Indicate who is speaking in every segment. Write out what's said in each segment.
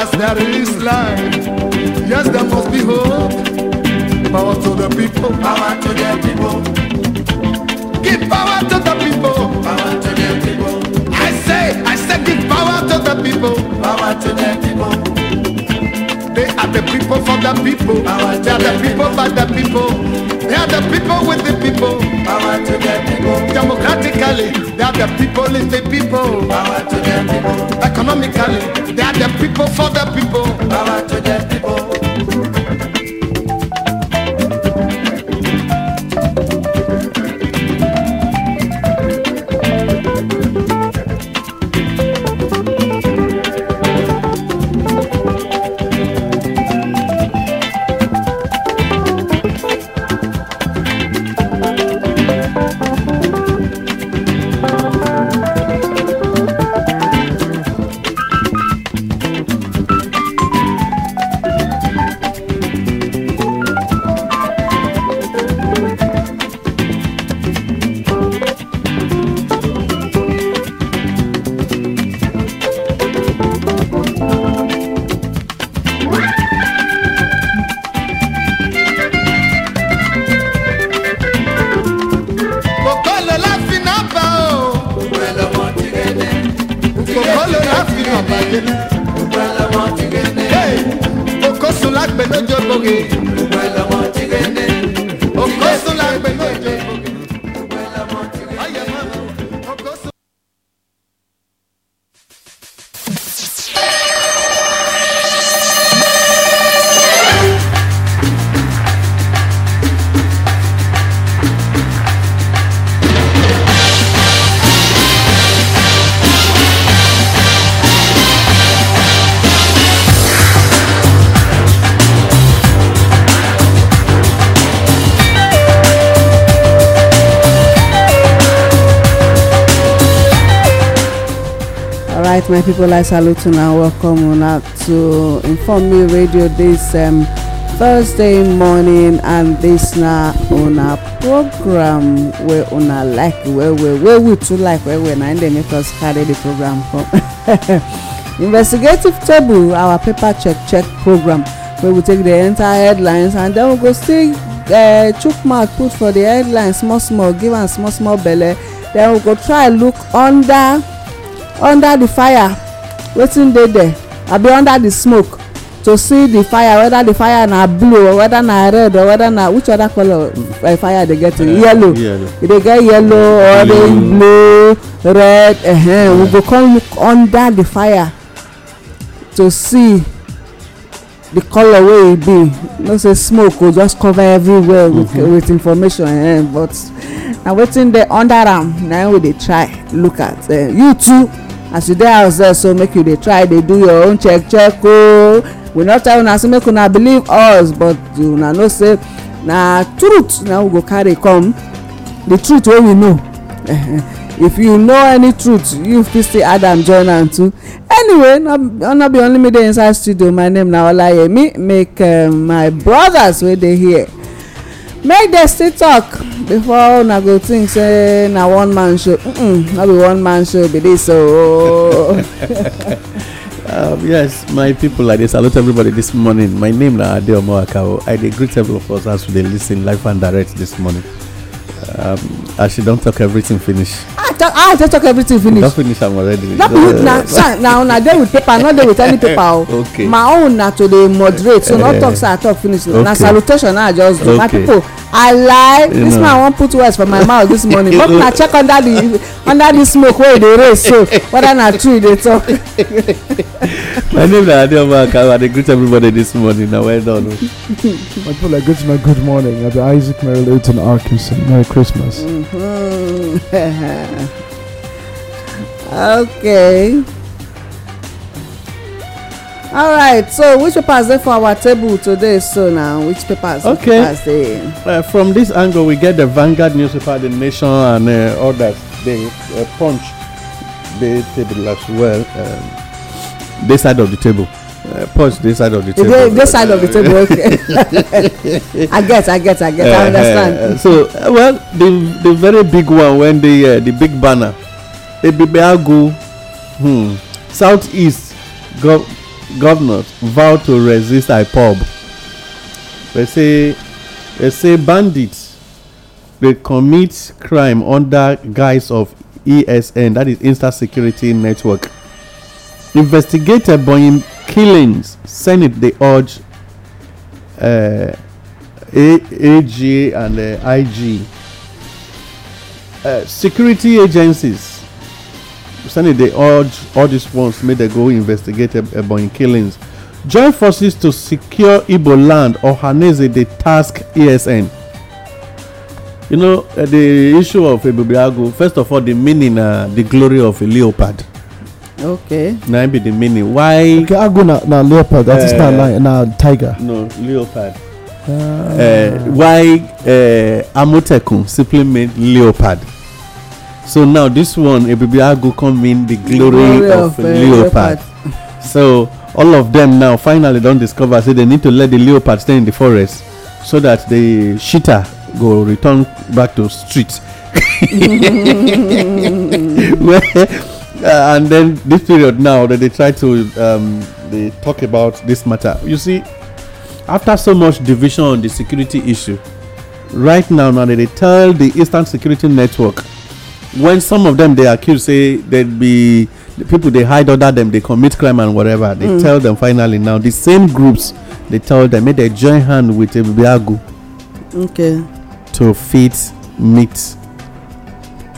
Speaker 1: as there is life, yes, there must be hope. Power to the people. Power to the people. Give power to the people. Power to the people. I say, I say, give power to the people. Power to the people. They are the people for the people. Power they are the people, people for the people are the people with the people. Power to the people. Democratically, they are the people with the people. Power to the people. Economically, they are the people for the people. Power to the people. yẹlẹ gbogbo ẹlẹmọ ti gẹnẹ. okosun lágbẹ̀ lójó gbogbo okosun lágbẹ̀ lójó borí.
Speaker 2: my people i salute una welcome una to inform me radio this um, thursday morning and this na una program wey una like well well wey we too like well well na im dey make us carry the program come investigative table our paper check check program wey we take dey enter headlines and then we go still uh, chook mouth put for the headlines, small small give am small small belle then we go try look under under the fire wetin dey there abi under the smoke to see the fire whether the fire na blue or whether na red or whether na which other colour uh, fire dey get uh, yellow e dey get yellow orange blue red uh eh, -huh. Eh, yeah. we go come look under the fire to see the color wey e be you know say smoke go just cover everywhere with mhm. with information eh but na wetin dey under am na we dey try look at eh. you too as you dey house there so make you dey try dey do your own check check Oh, we no tell una say make una believe us but una know say na truth na we go carry come the truth wey we know eh, eh if you know any truth you fit still add am join am too anyway no be only me dey inside studio my name na olayemi make um, my brothers wey dey here make dem still talk before una go think say na one man show no be one man show be dis ooo oh.
Speaker 3: um, yes my people i dey salute everybody this morning my name na adeomo akawo oh. i dey greet all of us as we listen lis live and direct this morning Um, I should don't talk everything finish.
Speaker 2: I ah, ah, just talk everything finish. Don't
Speaker 3: finish am already. No be with na
Speaker 2: na una dey with paper no dey with any paper o. Oh. Okay. My own na to dey moderate so no eh. talk say I talk finish na salutation na I just do. My people i lie this man wan put words for my mouth this morning but na check under the under the smoke wey e dey raise so whether na true e dey talk.
Speaker 3: my name na adeoma akawa i dey greet everybody this morning na well done o. Oh.
Speaker 2: my people i
Speaker 4: greet my good morning i be isaac merilaton arkinson merry christmas.
Speaker 2: Mm -hmm. okay. All right, so which papers dey for our table today so na which papers papers dey okay
Speaker 3: uh, from this angle we get the vanguard newspaper the nation and uh, others dey uh, punch dey table as well um, this side of the table punch this side of the table this side of the table okay i
Speaker 2: get i get i get i uh-huh. understand so
Speaker 3: well the the very big one when the the big banner ebibeagu hmm southeast gov governors vow to resist ipob they say they say bandits they commit crime under guise of esn that is Insta security network investigate ebonyi killings senate they urge uh, AG and uh, IG. Uh, security agencies Senate, they urge all these ones may they go investigate Ebonyi killings. Join forces to secure Igbo land. Ohaneze the task ESN. You know uh, the issue of Ebubiagu. First of all, the meaning, uh, the glory of a leopard. okay na be the meaning why okay go na na leopard that uh, is not uh, like na tiger no leopard uh, uh, why uh, amotekun simply mean leopard so now this one ebibiago come in the glory, glory of, of uh, leopard. leopard. so all of them now finally don't discover say they need to let the leopard stay in the forest so that the cheetah go return back to street. uh, and then this period now that they try to um, they talk about this matter. You see, after so much division on the security issue, right now now they tell the Eastern Security Network when some of them they accuse say they be people they hide under them, they commit crime and whatever dey mm. tell them finally now the same groups they tell dem make dem join hand with ebubeagu okay to fit meet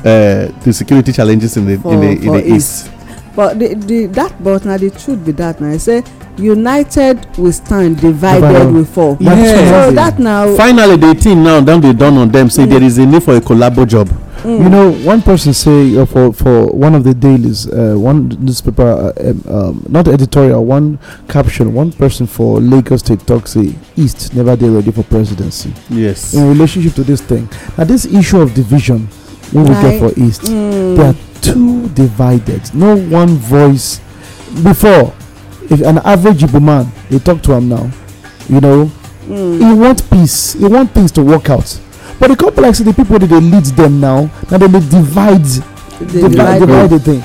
Speaker 3: uh, the security challenges in the for, in the, in the east. east.
Speaker 2: But the, the that but now the truth be that now I say united we stand divided we fall. Yeah. So that now.
Speaker 3: Finally, the team now don dey done on them say mm. there is a need for a collabo job. Mm. You know, one person say uh, for
Speaker 4: for one of the dailies, uh, one newspaper, uh, um, not editorial, one caption, one person for Lagos State talks say East never get ready for presidency. Yes. In relationship to this thing, now this issue of division, when right. we get for East, mm. they are too divided. No one voice. Before, if an average Igbo man, they talk to him now, you know, mm. he want peace. He want things to work out. but the complexity people dey lead them now na they dey divide
Speaker 2: divide the thing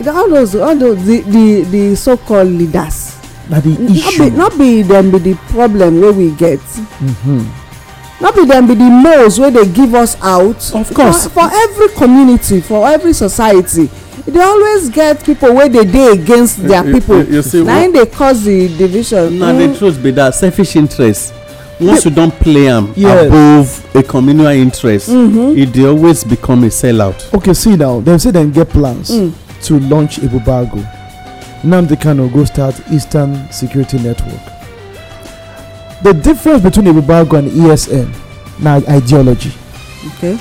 Speaker 2: The all those all those the the the so called leaders na the issue not be dem be the problem wey we get not be them be the most wey mm-hmm. they give us out of course for every community for every society dey always get pipo wey dey dey against their pipo na im dey cause the division na the hmm?
Speaker 3: truth be that selfish interest once you don play am above a communal interest e mm-hmm. dey always become a sellout.
Speaker 2: okay see now dem say
Speaker 4: dem get plans mm. to launch ebubago nnamdi kano go start eastern security network the difference between ebubago and esn na ideology okay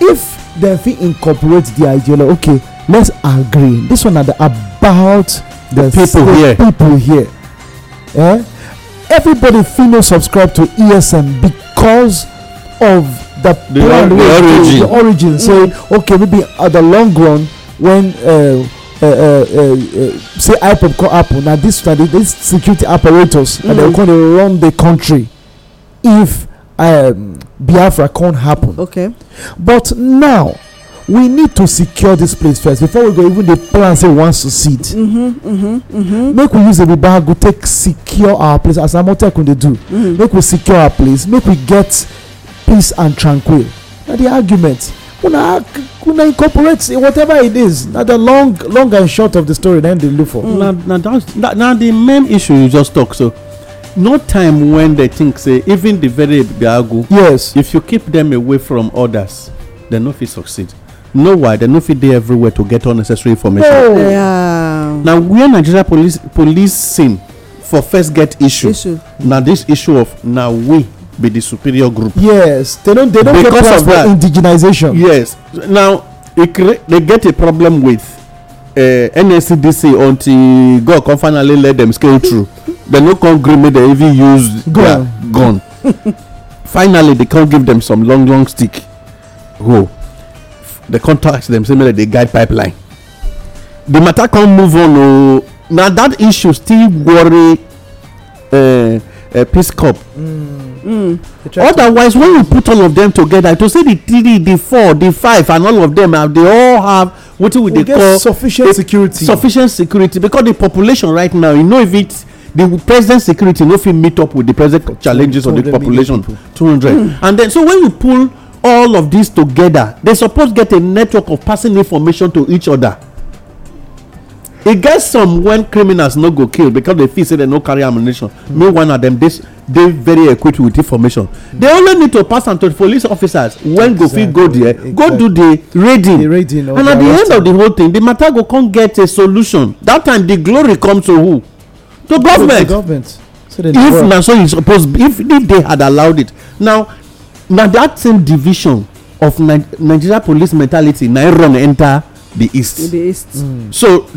Speaker 4: if dem fit incorporate di ideology okay let's agree this one na about the people here people here eh everybody fit no subscribe to esm because of the, the plan the wey origin. the origin say okay maybe at the long run when uh, uh, uh, uh, uh say ipob come happen na this na this security apparatus mm. and dem come dey run the country if um, biafra come happen okay. but now we need to secure this place first before we go even dey plan say we wan succeed mm-hmm, mm-hmm, mm-hmm. make we use yoruba go take secure our place as amotekun dey do make we secure our place make we get peace and tranquil na the argument una una incorporate whatever it is na the long long and short of the story na im dey look for.
Speaker 3: Mm. na the main issue you just talk so no time when they think say even the very biagu yes if you keep them away from others they no fit succeed No why They no fit dey everywhere to get all necessary information Oh
Speaker 2: yeah.
Speaker 3: na where nigeria police policing for first get issue Issue. na this issue of na we be the superior group
Speaker 4: yes
Speaker 3: they don get plans for indigenization yes now e they get a problem with eh, nscdc until god come finally let them scale through dem no come gree make dem even use gun gun finally they come give them some long long stick go dem contact them say make dem guide pipeline The matter come move on Oh, now that issue still worry eh, eh, peace corps
Speaker 2: mm.
Speaker 3: mm. otherwise when you put all of them together to say the three the four the five and all of them, have uh, they all have wetin we dey call sufficient security sufficient security because the population right now you know if it the present security no fit meet up with the present challenges of the population Two 200 mm. and then so when you pull all of these together they suppose get a network of passing information to each other e get some when criminals no go kill because they feel say they no carry ammunition one meanwhile dem dey very equipped with information they only need to pass am to police officers wen go fit go there go do the raiding
Speaker 1: and at the
Speaker 3: end of the whole thing the matter go come get a solution that time the glory come to who to government
Speaker 4: Government. if na so
Speaker 3: you suppose if if they had allowed it now na that same division of nigeria police mentality na run enter the east the east mm. so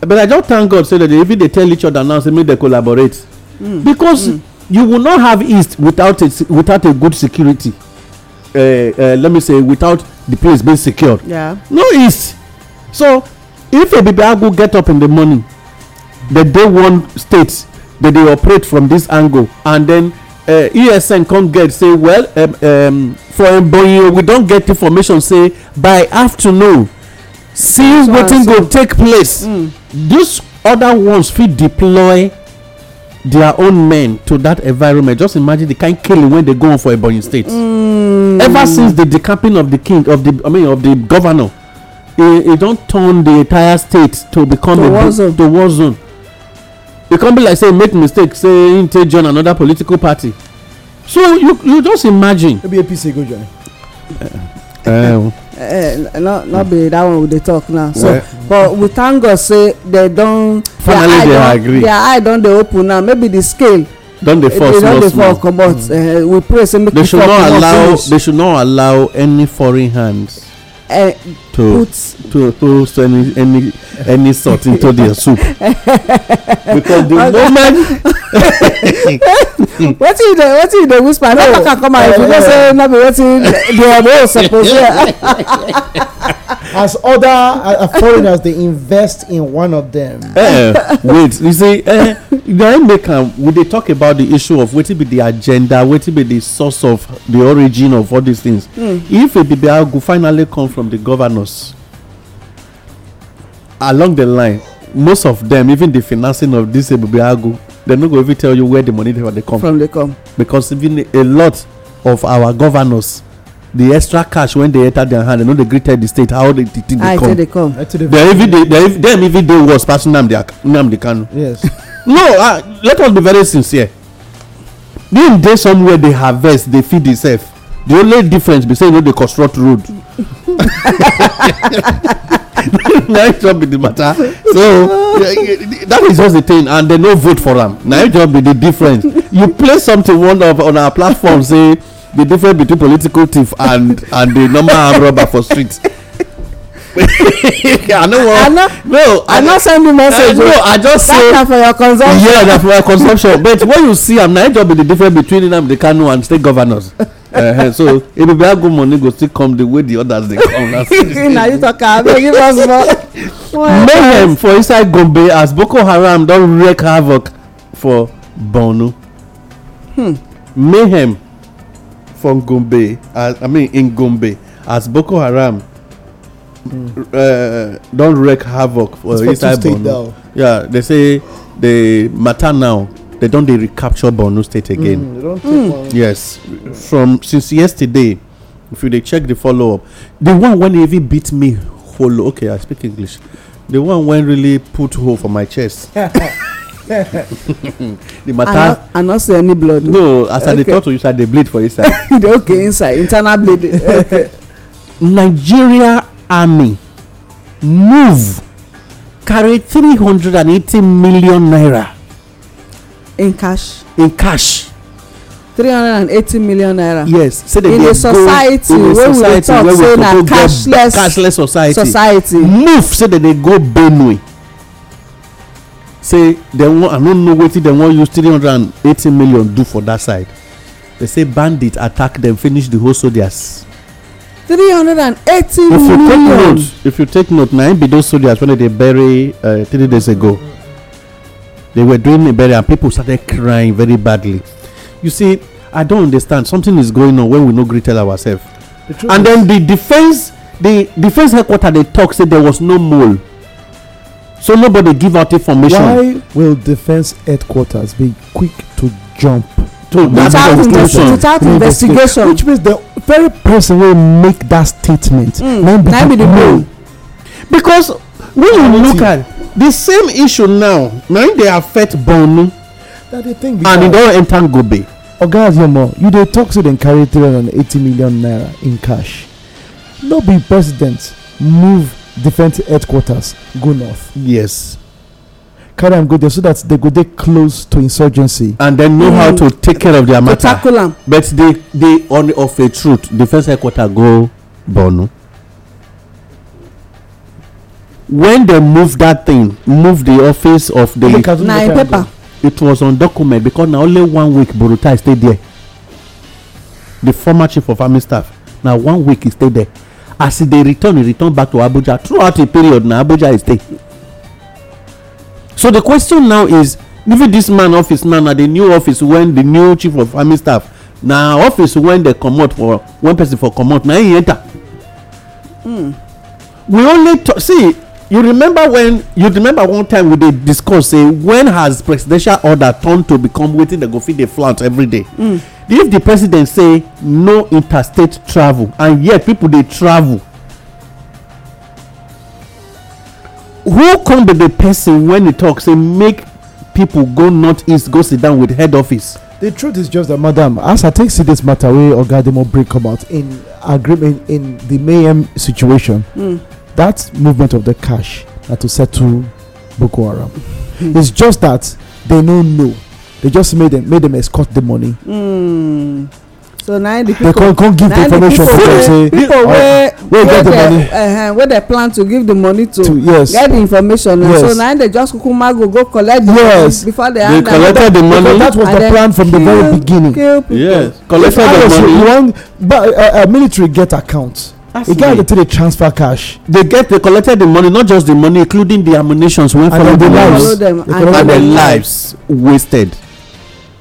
Speaker 3: but i just thank god say that even dey tell each other now say make dem collaborate
Speaker 1: mm. because mm.
Speaker 3: you will not have east without a without a good security uh, uh, let me say without the place being secured yeah no east so if ebibiagu get up in the morning the day one state they dey operate from this angle and then esn eh, e come get say well eh, for ebonyi we don get information say by afternoon see wetin go take place hmm. these other ones fit deploy their own men to that environment just imagine the kind killing wey dey go on for ebonyi state
Speaker 1: hmm. ever
Speaker 3: since the decamping of the king of the i mean of the governor e don turn the entire state to become a war zone e come be like say make mistake say him take join another political party so you you just imagine
Speaker 2: Maybe be apc go join eh, eh, eh, not be that one we dey talk now so but we thank god say they don their eye don dey open now maybe the scale don dey fall small small comot we pray say make They should not allow. they
Speaker 3: should not allow any foreign hands uh, to put to toast any any any salt into their soup because the
Speaker 2: moment. wetin you dey wetin you dey whisper no kaka come out if you know say no be wetin the omo suppose hear. as other uh,
Speaker 4: uh, foreigners they invest in one of them.
Speaker 3: Uh, wait you see uh, eh, na im make am we dey talk about the issue of wetin be the agenda wetin be the source of the origin of all these things mm. if ebibiya go finally come from the governors along the line most of them even the financing of this ebubiago they're not going to tell you where the money they come from They come because even a lot of our governors the extra cash when they enter their hand they no dey greeted the state how they the thing dey ah, come they come
Speaker 4: they even
Speaker 3: dey them even dey worse pass nnamdi nnamdi kanu yes no ah let us be very sincere being dey somewhere dey harvest dey feed itself the only difference be say you no dey construct road na it just be the matter so that is just the thing and they no vote for am na it just be the difference you place something one of on our platform say the difference between political thief and and the normal robber for street. I no
Speaker 2: wan no
Speaker 3: I uh, no send you message no I just say that for your consumption yeah na for your consumption but when you see I'm not just be the difference between them, the Kanu and state governors uh, so a good money go still come the way the others they come
Speaker 2: Now you talk about
Speaker 3: us
Speaker 1: more. mayhem
Speaker 3: for inside Gombe as Boko Haram don wreak havoc for Borno hmm. mayhem from Gombe, as, I mean in Gombe, as Boko Haram mm. uh, don wreak havoc for it's inside Borno. Yeah, they say the matter now they don't dey recapture Borno State again. Mm, mm. Yes, from since yesterday, if you dey check the follow up, the one when even beat me hollow. Okay, I speak English. The one when really put hole for my chest. the matter. i no see any blood. no as okay. i dey talk to you sir the bleed for inside. okay inside internal bleed. Okay. nigeria army move carry three hundred and eighty million naira. in cash. in cash.
Speaker 2: three hundred and eighty million naira. yes
Speaker 3: say they dey go in a society wey we dey talk say na cashless cashless society. society move say they dey go benue say dem i no know wetin dem wan use 380 million do for dat side they say bandit attack dem finish di whole soldiers
Speaker 2: and 380 million
Speaker 3: if you take note if you na im be those soldiers wey dem dey bury uh, three days ago they were doing a burial and people started crying very badly you see i don understand something is going on when we no gree tell ourselves and then the defence the defence headquarters, dey talk say there was no mole So nobody give out information. Why
Speaker 4: will defense headquarters be quick to jump to without, investigation. without investigation? Which
Speaker 3: means the very person will make that statement. Mm. be be the no. Because when you look at the same issue now, now they affect Borno
Speaker 4: and it don enter
Speaker 3: Gobe. Oga Azomo, you dey talk say dem carry three hundred
Speaker 4: and eighty million naira in cash. No be president move Defence headquarters go north. yes. carry am go there so that they go dey close to insurgency. and dem know how to take care of their matter. to tackle
Speaker 3: am. but they they only of a truth Defence headquarters go borno. when they move that thing move the office of di. na in paper. it was on document because na only one week burutai stay there the former chief of army staff na one week he stay there as they return e return back to abuja throughout a period Now abuja is stay so the question now is even this man office now na the new office when the new chief of army staff now office when they come out for one person for comot now he enter hmm. we only talk see you remember when you remember one time we dey discuss say when has presidential order turned to become wetin the go fit dey flout every day hmm if the president say no interstate travel and yet people dey travel who come be the person when he talk say make people go northeast go sit down with head office.
Speaker 4: the truth is just that madam as i take see this matter wey oga ademo break come out in agreement in the mayhem situation mm. that movement of the cash na to settle boko haram mm. it's just that they no know they just made them made them escort the money.
Speaker 2: Mm. so now the people they come give the information to them say people wey oh, wey get the money uh, wey dey plan to give the money to, to yes. get the information uh, yes. so now they just kukuma go go collect the yes. money before they hand am they
Speaker 4: collected the money because that was the plan from kill, the very beginning kill people yes collected the money you wan but uh, uh, military get account e get the thing dey transfer cash.
Speaker 3: they get they collected the money not just the money including the ammunitions wey follow the lives and the lives wasted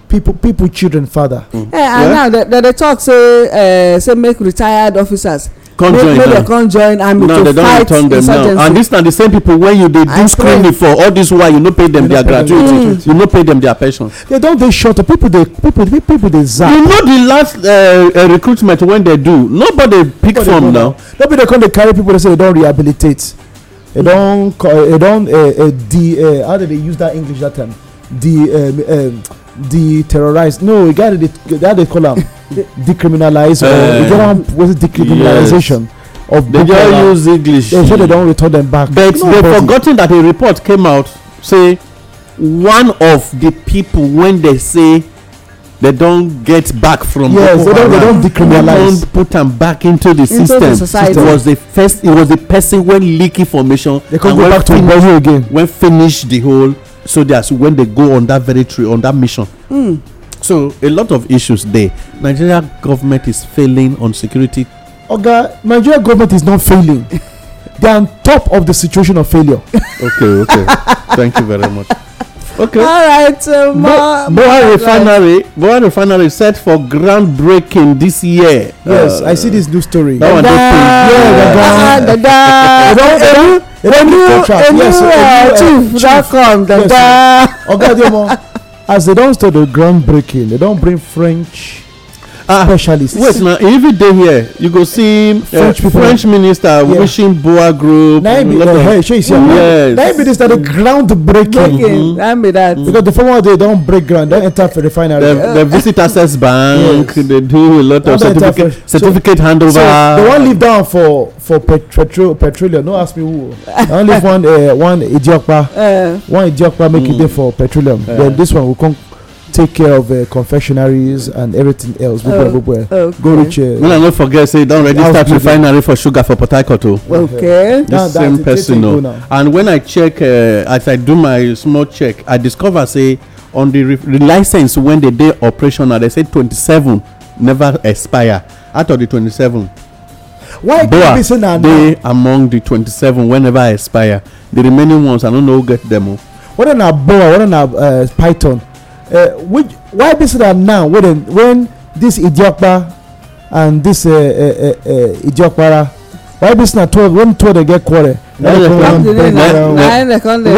Speaker 3: people people children father. Mm. Yeah, and
Speaker 2: yeah. now they they talk say uh, say make retired officers come join make dem come join army no, to fight insurgency. and
Speaker 3: dis na the same people wey you dey do screening for all this while you no pay them? their mm. gratuity mm. you no pay dem their pension. they don dey short
Speaker 4: of people dey people dey people dey zap. you know the last uh, uh, recruitment wey dem do nobody pick from now. nobody dey come dey carry people dey say they don rehabilitate. they mm. don they don uh, how do they use that english that term? de. De-terrorize? no you get it that they call am um, decriminalize or you get am was it decriminalization of they just use english they say they don return them
Speaker 3: back but no, they forgotten that a report came out say one of the people when they say they don get back from yes, boko haram yes they don decriminalize don put am back into the into system the society. it was the first it was the person wey leak information they come go back to brazil again wey finish the whole soldiers when they go on that very tree on that mission. Mm. So a lot of issues there. Nigeria government is failing on security. Oga, Nigeria government is not failing. they are on top of the situation of failure. okay, okay. Thank you very much. Okay. All right. Uh, Bo- Boa Refinery. Boa Refinery set for groundbreaking this year. Yes, uh, I see this new story. That one. Yeah,
Speaker 1: da da. A new, a new uh, chief that come. Da da. Oga Adeomo,
Speaker 4: as they don start the groundbreaking, they don bring French. Ah, specialist. wait na every
Speaker 3: day here you go see uh, french french minister wishing boa group na him be the start the ground breaking
Speaker 4: that be that because the former day don break ground don enter for refinery dem visit
Speaker 3: access bank dey do a lot of certificate certificate handover so the
Speaker 4: one leave down for for petroleum no ask me who i only leave one one idiokpa uh, one idiokpa uh. make e dey for petroleum then this one go come take care of uh, confectionaries and everything else. Oh, okay. Go reach. Uh, well,
Speaker 3: I don't forget, say, don't register refinery for sugar for Port Harcourt. Oh. Okay. The same person. Oh. And when I check, uh, as I do my small check, I discover, say, on the, the license when they day operational, they say 27 never expire. Out of the 27, why Boa, can now they now? among the 27 whenever I expire. The remaining ones, I don't know who get them. Oh. What are now
Speaker 4: Boa? What are now uh, Python? uh, which why be so that now when when this idiokpa and this uh, uh, uh, uh, idiokpara why be so that twelve when twelve dey get quarrel why
Speaker 2: come be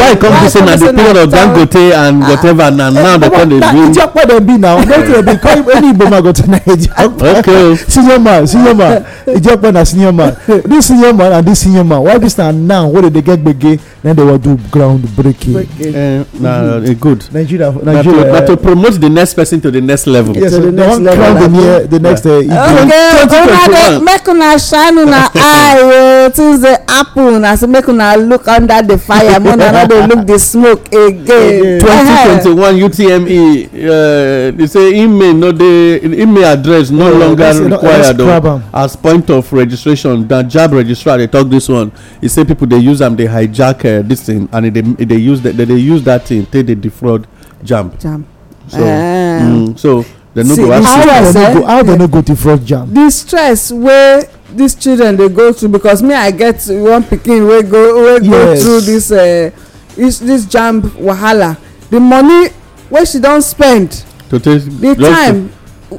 Speaker 2: say na the
Speaker 3: period of dangote and whatever na now dem come dey do. ìjọ pọ̀ dem bi na ọ̀gbọ́n Any ebi kọ́ ẹni to máa gòtò nàìjíríà. senior
Speaker 4: man senior man ìjọ pọ̀ na senior man this senior man and this senior man why this na now wey dey dey get gbege Then dey wan do ground breaking.
Speaker 3: Eh, na mm-hmm. e good. nigeria nigeria na to eh. promote the next person to the next level. yes the next level na to crown the next uh, okay una dey
Speaker 2: make una shine una eye o oh, things dey happen as so make una look under the fire more una no dey look the smoke again. twenty twenty
Speaker 3: one utme uh, they say email no dey email address no yeah, longer required o as point of registration na jab registrar dey talk this one e say people dey use am um, dey hijack uh, this thing and e dey dey use dey dey use that thing take dey defraud jamb. jamb. so um, mm, so dem no go ask
Speaker 4: you how dem no go defraud jamb.
Speaker 2: the stress wey dis children dey go through because me i get one pikin wey go go through dis eh, this jam wahala the money wey she don spend
Speaker 3: to take the time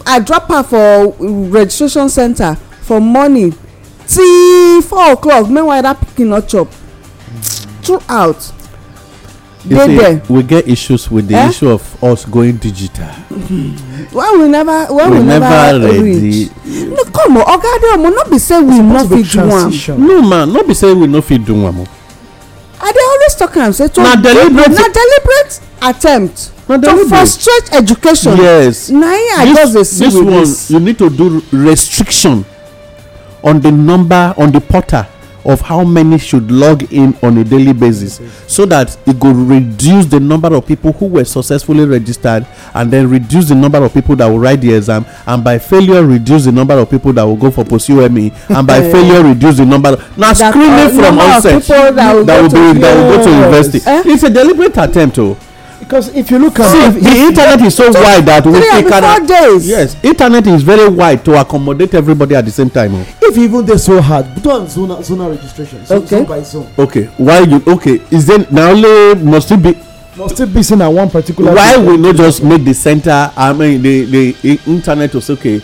Speaker 2: i drop her for mm, registration center for morning till four o'clock meanwhile that pikin no chop throughout
Speaker 3: dey there we get issues with the eh? issue of us going digital
Speaker 2: hmm. when we never when we, we never, never reach no
Speaker 3: come on oga adeomo no be say we no fit do am no ma no be say we no fit do am o
Speaker 2: i dey always talk am say to na deliberate na deliberate
Speaker 3: attempt na
Speaker 2: deliberate to frustrate
Speaker 3: education yes na i just dey see with this this one you need to do restriction on the number on the portal of how many should log in on a daily basis so that it could reduce the number of people who were successfully registered and then reduce the number of people that will write the exam and by failure reduce the number of people that will go for post UME, and by failure reduce the number of, now that screening uh, from onset that, that will, that will, be, that will go to university eh? it's a deliberate attempt to. Oh
Speaker 4: because if you look at see the internet
Speaker 3: is so wide that we three and four days yes internet is very wide to accommodate everybody at the same time. Oh.
Speaker 4: if even dey so hard do am zona, zona registration so okay. zone by zone.
Speaker 3: okay why you okay is then na only must it be. must it be seen at one particular. why we no just make the center i mean the the internet was okay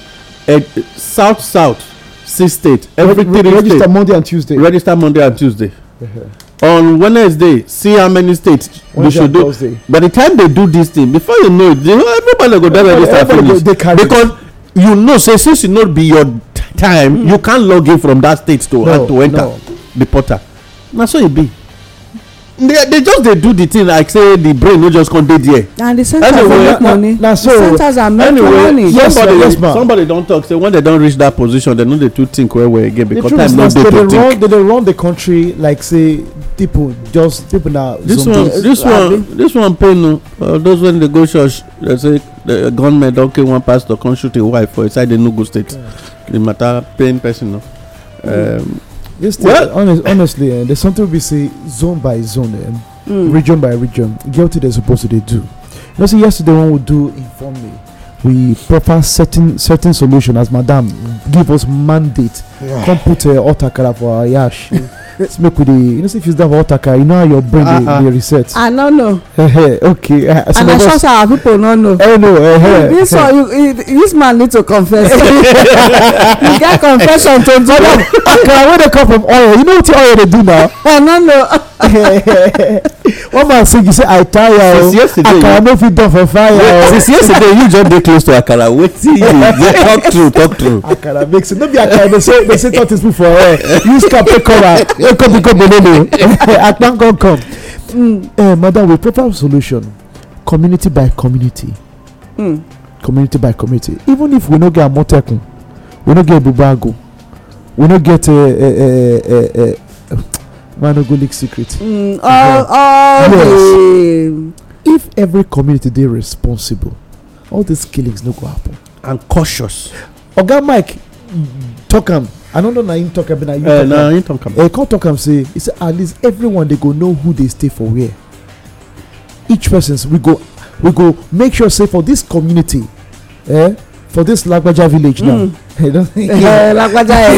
Speaker 3: uh, south south six states every three states register monday and tuesday register monday and tuesday. Uh -huh on Wednesday, see how many states we should do. Thursday. By the time they do this thing, before you know it, they, everybody go there register finish. because you know, say since you not be your time, mm. you hmm. can't log in from that state to no, to enter no. the portal. Na so e be they they just dey do the thing like say the brain no just come dey there.
Speaker 2: and the centers anyway,
Speaker 3: make money na, so the centers are make anyway, money. yes somebody, yes ma somebody don talk say when they don reach that position they no dey too think well well again because time no dey to think. the truth
Speaker 4: is they dey run the country like say people just people na. this one this one
Speaker 3: this one pain o uh, those wey dey go church dey say the gunmen don kill one pastor come shoot him wife for inside enugu state yeah. the matter pain person o. No? Mm-hmm. Um, This thing, well, honest, honestly, eh, there's
Speaker 4: something we say zone by zone, eh, mm. region by region. Get what they're supposed to They do. You know, see, yesterday one would do inform me. We prefer certain certain solution as Madame, give us mandate. Yeah. Come put uh, eh, otakara for our yash. Let's make we dey you know say if you down for water car you know how your brain dey reset i no know okay uh, and i sure say
Speaker 2: our people no know eh no eh, eh. this one this man need to confess you get confession to do akara wey dey come from oil you know wetin oil dey do now i no know
Speaker 4: one man sing you say i
Speaker 3: tire o akara no fit don for fire o since yesterday you just dey close to akara wetin you talk true talk true
Speaker 4: akara makes it no be akara dey say talk things before eh use cap take cover come come bololo akpan come come
Speaker 2: mm.
Speaker 4: madam we prefer solution community by community mm. community by community even if we no get amotekun we no get bubago we no get uh, eh, uh, eh, uh, eh, uh, manogolic secret. Mm, all, yeah. all yes. if every community dey responsible all these killings no go happen. and cautious. oga mike talk am another na him talk about na you eh, talk am na him talk am eh, come talk am say he say at least everyone dey go know who dey stay for where each person we go we go make sure say for this community eh for this lagbaja village now hmm. eh, lagbaja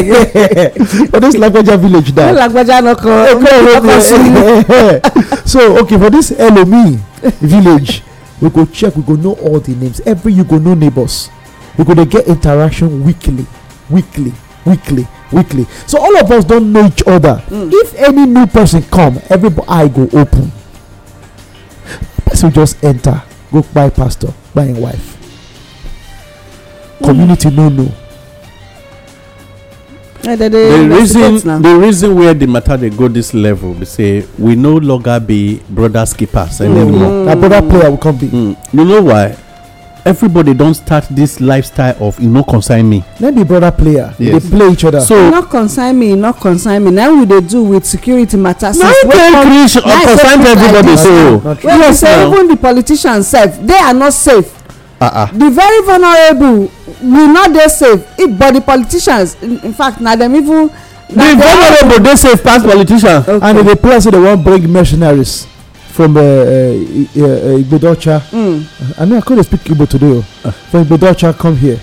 Speaker 4: for this lagbaja village now
Speaker 2: lagbaja no come
Speaker 4: so okay for this elomi village we go check we go know all the names every you go know neighbors we go dey get interaction weekly weekly weekly weekly so all of us don know each other mm. if any new person come every eye go open person just enter go kpai pastor kpai him wife mm. community no know
Speaker 2: eh, the reason the
Speaker 3: reason where the matter dey go this level be say we no longer be brothers keepers mm. anymore na brother player we come be you know why everybody don start this lifestyle of e no concern me let be brother player ah. yes dey play each other so not
Speaker 2: concern me not concern me na we dey do with security matter since wey come na so concern everybody so wey be say even the politicians sef they are not
Speaker 3: safe uh-uh.
Speaker 2: the very vulnerable will not dey safe if but the politicians in fact na dem even
Speaker 3: the vulnerable dey safe pass politicians and e dey play say
Speaker 4: dem wan bring mercenaries from uh, uh, uh, Igbedocha. Ah.
Speaker 2: Mm.
Speaker 4: I mean, I couldn't speak Igbo today. Oh. Ah. From Igbedocha, ah, come here.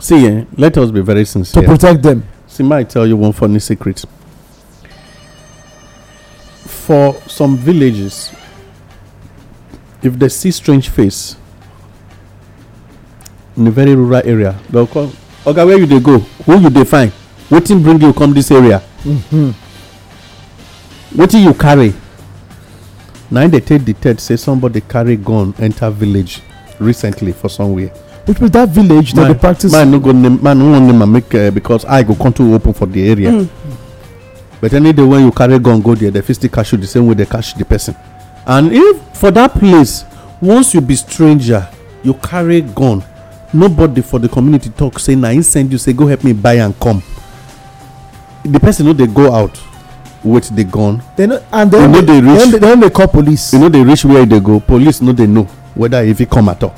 Speaker 3: See, eh, let us be very sincere. To protect them. See, I tell you one funny secret? For some villages, if they see strange face in a very rural area, they'll call, Okay, where you they go? Who you they find? What thing bring you come this area? Mm-hmm. What do you carry? na im dey take detect say somebody carry gun enter village recently for somewhere
Speaker 4: which means that village that dey practice
Speaker 3: man no go name man no wan name am make eh, because eye go come too open for the area mm. but any day when you carry gun go there dem fit still catch you the same way dem catch the person and if for that place once you be stranger you carry gun nobody for the community talk say na him send you say go help me buy am come the person no dey go out With the gun, they no and then they dey reach then they call police You know they reach where they go police no dey know whether if fit come at all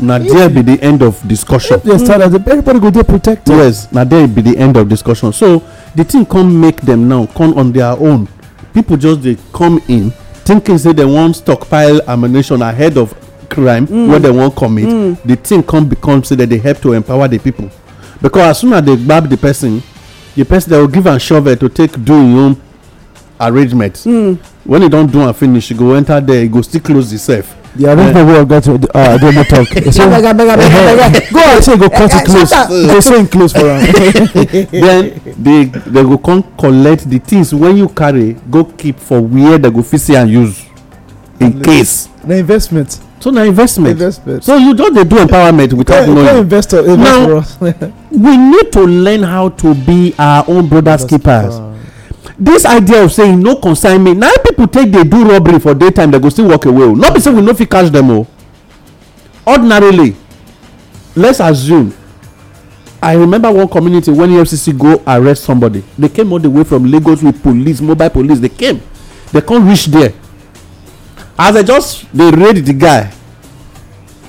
Speaker 3: na there be the end of discussion yes start as everybody go dey protected yes na there be the end of discussion so the thing come make them now come on their own people just dey come in thinking say they wan stockpile ammunition ahead of crime mm. wey they wan commit mm. the thing come become say they dey help to empower the people because as soon as they grab the person the person that will give am shovel to take do im own arrangement mm. when e don do am finish e go enter there e go still close itself the arrangement eh.
Speaker 4: wey i get with uh, dem no talk so bega, bega, bega, go out, say e go cut e eh, eh, close go say im close for am then
Speaker 3: they they go come collect the things wey you carry go keep for where they go fit see am use in case na investment so na investment so you just dey do empowerment without knowing now we need to learn how to be our own brothers keepers this idea of saying no consign me na people take dey do robbery for daytime They go still walk away o no be say we no fit catch dem o oh. ordinarily let's assume i remember one community when efcc go arrest somebody they came all the way from lagos with police mobile police they came they come reach there as i just dey raid the guy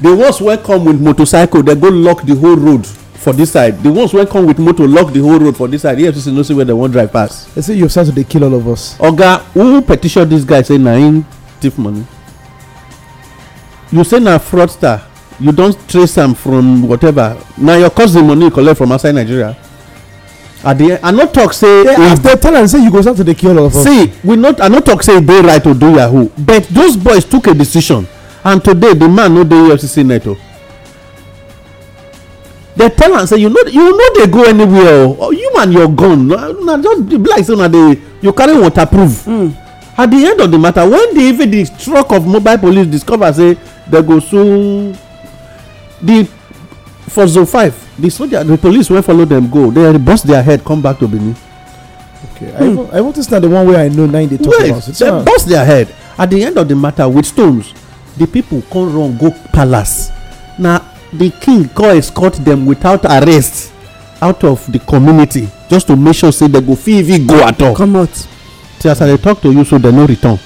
Speaker 3: the ones wey come with motorcycle dey go lock the whole road for this side the ones wey come with motor lock the whole road for this side efcc no see where dem wan drive pass.
Speaker 4: they say you start to dey kill all of
Speaker 3: us. oga who petition this guy say na him thief money you say na fraudster you don trace am from whatever na your cousin money you collect from outside nigeria at the end i no talk say if they tell am say you go start to dey kill all of us see we not i no talk say e dey right to do yahoo but those boys took a decision and today the man no dey efcc net o they tell am say you no dey go anywhere o oh, you and your gun na just be like say una dey you carry waterproof hmm. at the end of the matter when the even the truck of mobile police discover say they go soon the for zone five the soldier the police wey follow dem go they burst their head come back to benin okay mm. i i notice na the one wey i know na im dey talk Wait, about it dem burst their head at the end of the matter with stones the people come run go palace na the king come escort them without arrest out of the community just to make sure say they go fit even go at all Come out. till as i dey talk to you so dem no return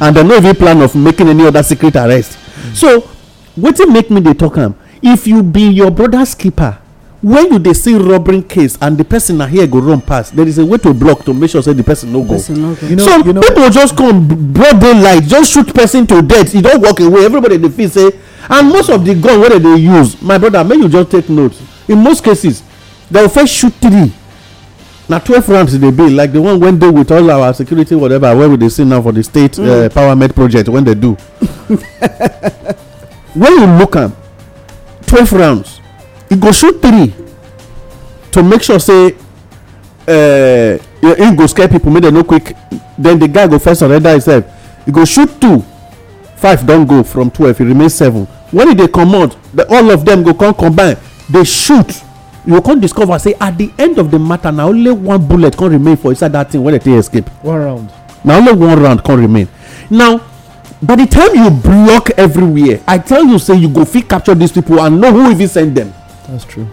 Speaker 3: and dem no even plan of making any other secret arrest mm. so wetin make me dey talk am if you be your brother's keeper when you dey see robbery case and the person na here go run pass there is a way to block to make sure say the person no go so people just come broad daylight just shoot person to death e don walk away everybody dey feel say and most of the gun wey dem dey use my brother make you just take note in most cases dem first shoot three na twelve rounds e dey be like the one wey dey with all our security whatever wey we dey see now for the state mm. eh, power med project wey dey do when you look am twelve rounds e go shoot three to make sure say uh, him go scare people make them no quick then the guy go first surrender himself e go shoot two five don go from twelve He remain seven when e dey comot all of them go come combine dey shoot you go come discover say at the end of the matter na only one bullet come remain for inside that thing wey dem take escape one round na only one round come remain now by the time you block everywhere i tell you say you go fit capture these people and know who even send them That's true.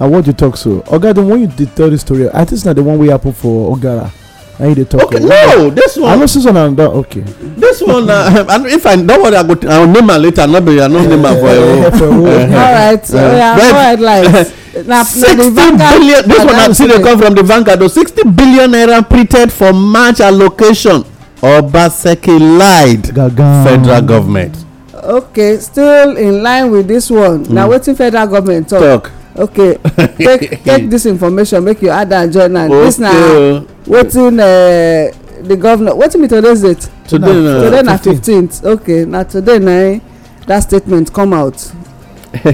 Speaker 3: Now, what
Speaker 4: you talk so? Oga, the one you did tell the story, I think it's not the one we happened for Ogara. I need to talk. Okay, no, this one. I know this one and that. Okay.
Speaker 3: This one, uh, and if I don't worry, I go. I'll name her later. Not be. I don't name her for a All right. So yeah. Oh, go like. Na, 60 na billion this one i see They come from the vanguard o 60 billion naira printed for march allocation obaseki lied Gagan. federal government
Speaker 2: okay still in line with this one na mm. wetin federal government talk okay take take dis information make you add am join am dis na oh. wetin di eh, governor wetin be today's date today na 15 fifteenth. okay na today na eh, that statement come out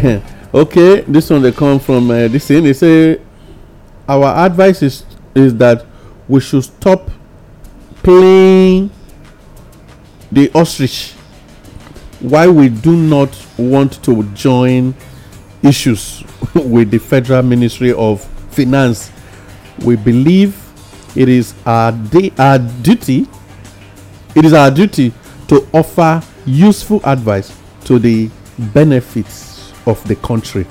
Speaker 3: okay this one dey come from eh, this thing e say our advice is is that we should stop playing the ostrich why we do not want to join issues with the Federal Ministry of Finance. We believe it is our, our duty. It is our duty to offer useful advice to the benefits of the country.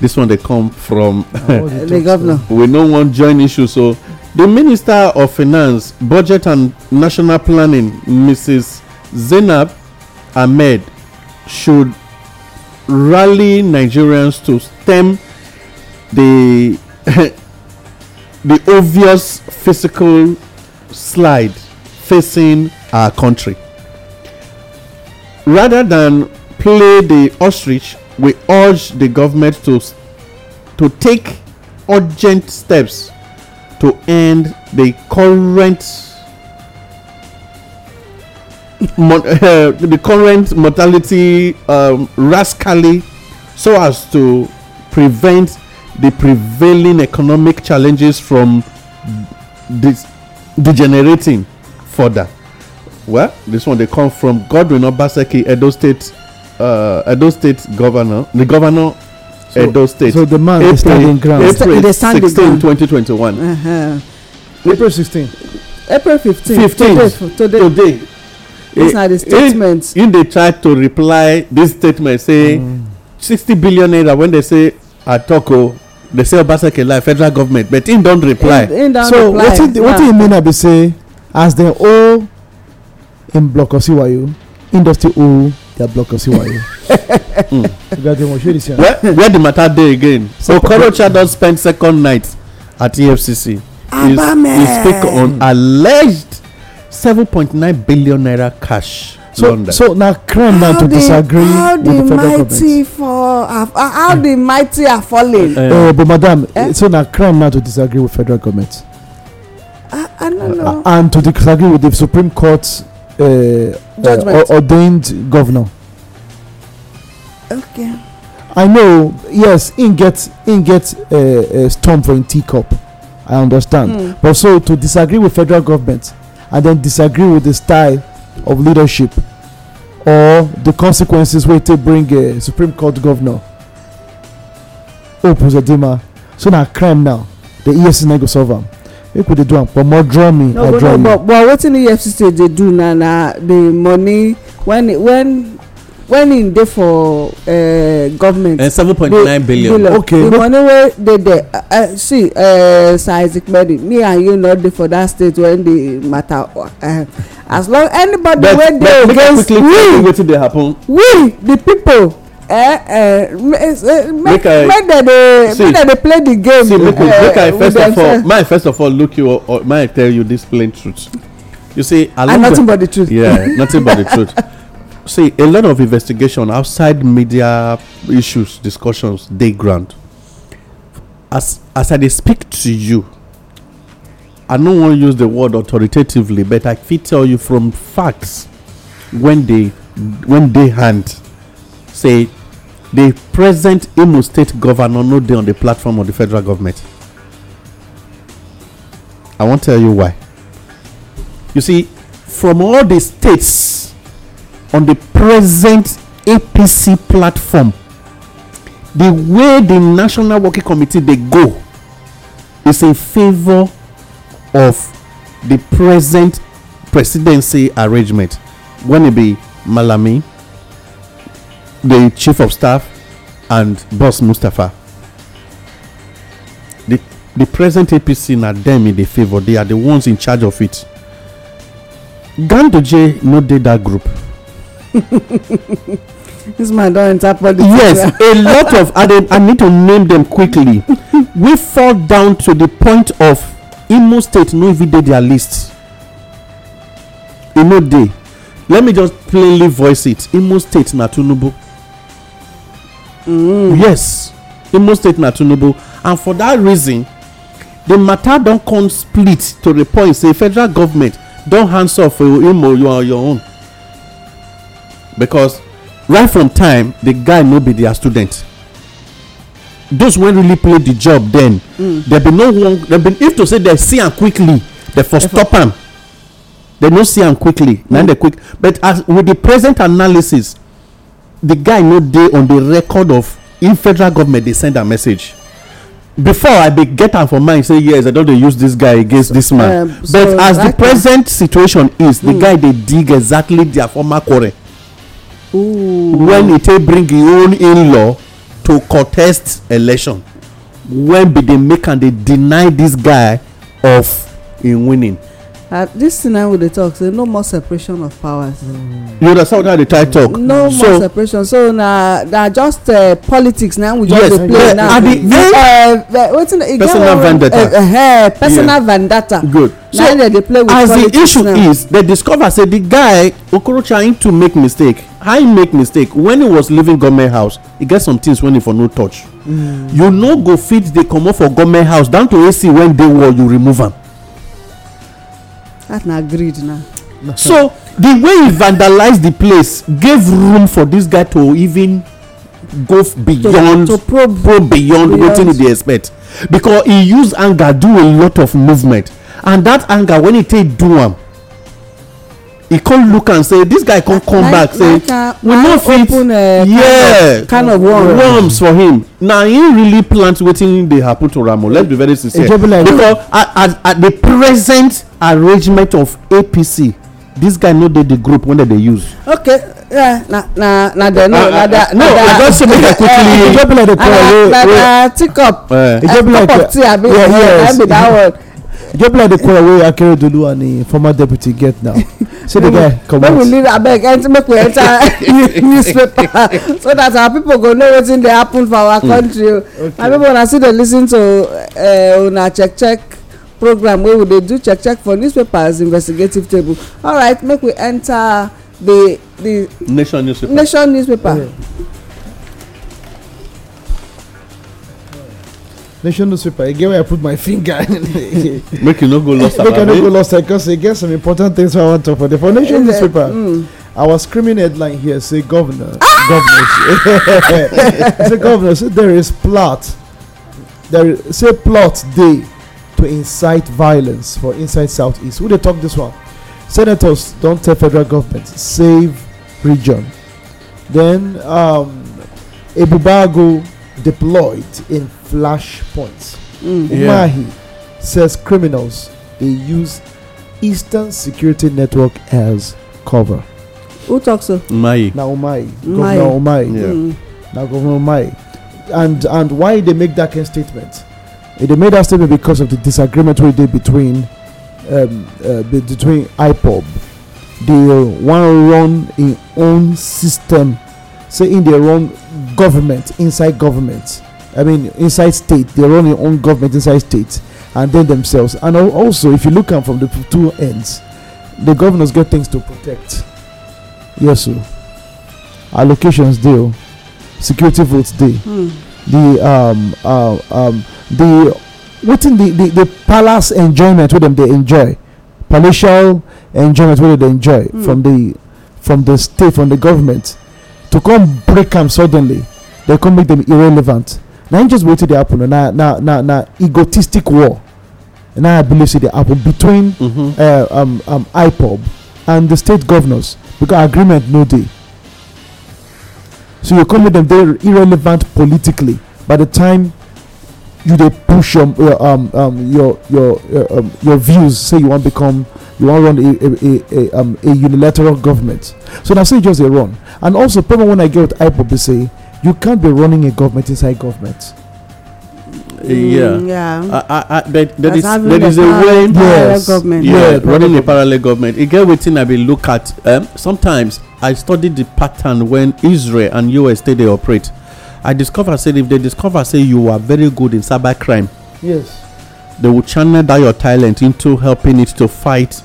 Speaker 3: This one they come from We the governor. We join issue. So the Minister of Finance, Budget and National Planning, Mrs. Zenab. Ahmed should rally Nigerians to stem the the obvious physical slide facing our country. Rather than play the ostrich, we urge the government to to take urgent steps to end the current uh, the current mortality um, rascally so as to prevent the prevailing economic challenges from this degenerating further. Well, this one they come from Godwin Obaseki, Edo State, uh, Edo State governor, the governor so, Edo State. So the man April, is standing ground. April they stand 2021.
Speaker 2: Uh-huh. April 16. April 15. 15. Today. today.
Speaker 3: dis na eh, di eh, statement him dey try to reply this statement say mm. sixty billion naira when they say i oh, they say obaseki lie federal government but him don reply so wetin him
Speaker 4: mean na be say as dem owe him block of siwayo industry, don still owe dia block of siwayo
Speaker 3: where the matter dey again So okorocha don spend second night at efcc He speak on alleged seven point nine billion naira cash. so London. so na crime now to disagree with the federal government.
Speaker 2: For, uh, how the mighty are falling. Uh, uh, but madam eh? so
Speaker 4: na crime now to disagree with federal government.
Speaker 2: I, I don't uh, know.
Speaker 4: and to disagree with the supreme court eh, eh, ordained governor. okay. i know yes him get him get uh, storm for him teacup i understand mm. but so to disagree with federal government and then disagree with the style of leadership or the consequences wey e take bring a eh, supreme court governor hope uzodinma so na crime now the efcc no e go solve am make we dey do am but more draw me no, i draw no, you. but
Speaker 1: but
Speaker 2: wetin the efcc dey do na na the money when e, when when im dey for eh, government eh, seven point nine billion okay the money wey dey there eh, see sir isaac mary me and you no dey for that state when the matter as long anybody wey dey against we
Speaker 3: we
Speaker 2: the people make dem dey play
Speaker 3: di game see make i first of all my first of all look you or uh, may i tell you this plain truth you see i and nothing but the truth yeah nothing but the truth see a lot of investigation outside media issues discussions they grant as as i speak to you i no wan use the word authoritatively but i fit tell you from facts when they when they hand say the present imo state governor no dey on the platform of the federal government i wan tell you why you see from all the states on the present APC platform, the way the National Working Committee they go is in favor of the present presidency arrangement. When it be Malami, the chief of staff, and boss Mustafa. The the present APC na them in the favor. They are the ones in charge of it. Gandoje no did that group.
Speaker 2: this man don enter politics. yes a lot
Speaker 3: of i dey i need to name them quickly we fall down to the point of imo state no even dey their list e no dey let me just plainly voice it imo state na tinubu mm. yes imo state na tinubu and for that reason the matter don come split to the point say federal government don hands off for imo you are your own because right from time the guy no be their student those wey really play the job then mm. there be no one if to say they see am quickly They for stop am They no see am quickly na dem mm. quick but as with the present analysis the guy no dey on the record of if federal government dey send am message before i bin get am for mind say yes i don dey use dis guy against dis man um, but as the present situation is the mm. guy dey dig exactly their former quarrel
Speaker 1: Ooh. when
Speaker 3: e take bring im own in-law to contest election when be dey make am dey deny dis guy of im winning
Speaker 2: dis uh, thing i we dey talk say no more separation of powers
Speaker 3: you understand how dey try talk no more
Speaker 2: separation so na just uh, politics na we just dey play now and uh, the wetin e get personal vendetta personal vendetta good so as the issue
Speaker 3: is they discover say the guy Okoro trying to make mistake how he make mistake when he was leaving government house he get some things wey e for no touch mm. you no go fit dey comot for government house down to ac when dey wall you remove am
Speaker 2: that na greed na
Speaker 3: so the way he vandalized the place gave room for this guy to even go beyond to, to probe, probe beyond, beyond wetin he dey expect because he use anger do a lot of movement and that anger when he take do am e come look am say this guy come come back say
Speaker 2: uh, we no fit uh, yeah kind of worms
Speaker 3: for him na him really plant wetin dey happen to ramo let's be very sincere because at at the present arrangement of apc this guy no dey the group wey dem dey use
Speaker 2: okay. yeah na na na there uh, no na there no i just say make i quickly e just be like the prayer wey wey na na take up eh. cup of tea abi yeah yeah i be that one
Speaker 4: e get like the call wey akeredolu and im former deputy get now say the guy comot make we leave
Speaker 2: abeg make we enter newspaper so that our people go know wetin dey happen for our hmm. country o my people una still dey lis ten to eh, una check check program wey we dey do check check for newspapers investigative table All right, make we enter the the
Speaker 3: nation newspaper
Speaker 2: nation newspaper. Yeah. nation
Speaker 4: newspaper. Again, where I put my finger. Make you no go lost. Make I no go lost. Because eh, they eh, get some important things I want to for the for nation newspaper. Mm. I was screaming headline here. Say governor, ah! governor. say governor. Say there is plot. There is, say plot day to incite violence for inside southeast. Who they talk this one? Senators don't tell federal government save region. Then um, Ebubago deployed in flashpoints. Mm. Yeah. Umahi says criminals they use Eastern Security Network as cover.
Speaker 2: Who talks so? Umahi. Now Umahi. Umahi. Governor
Speaker 4: Umahi. Yeah. Mm. Now Governor Umahi. And and why they make that kind statement? They made that statement because of the disagreement we did between um, uh, between IPOB. They uh, want to run in own system, saying they run government inside government i mean inside state they run their own government inside state and then themselves and also if you look at from the two ends the governors get things to protect yes sir allocations deal oh. security votes day hmm. the um uh, um the what in the, the the palace enjoyment with them they enjoy palatial enjoyment what they enjoy hmm. from the from the state from the government to come break them suddenly they come make them irrelevant Now you just wait till they happen Now now now now, egotistic war Now i believe see they happen between mm-hmm. uh, um, um, ipob and the state governors because agreement no day. so you come with them, they're irrelevant politically by the time you they push your um, your your uh, your views say you want become you want to run a, a, a, um, a unilateral government. So now say just a run. And also, problem when I get with they say, you can't be running a government inside government.
Speaker 3: Eh, mm, yeah, yeah. I, I, there, there is, there is a way. Yes. Government. Yeah, yeah running a parallel government. Again, within I will look at. Um, sometimes I study the pattern when Israel and US they, they operate. I discover say if they discover say you are very good in cyber crime. Yes they will channel that your talent into helping it to fight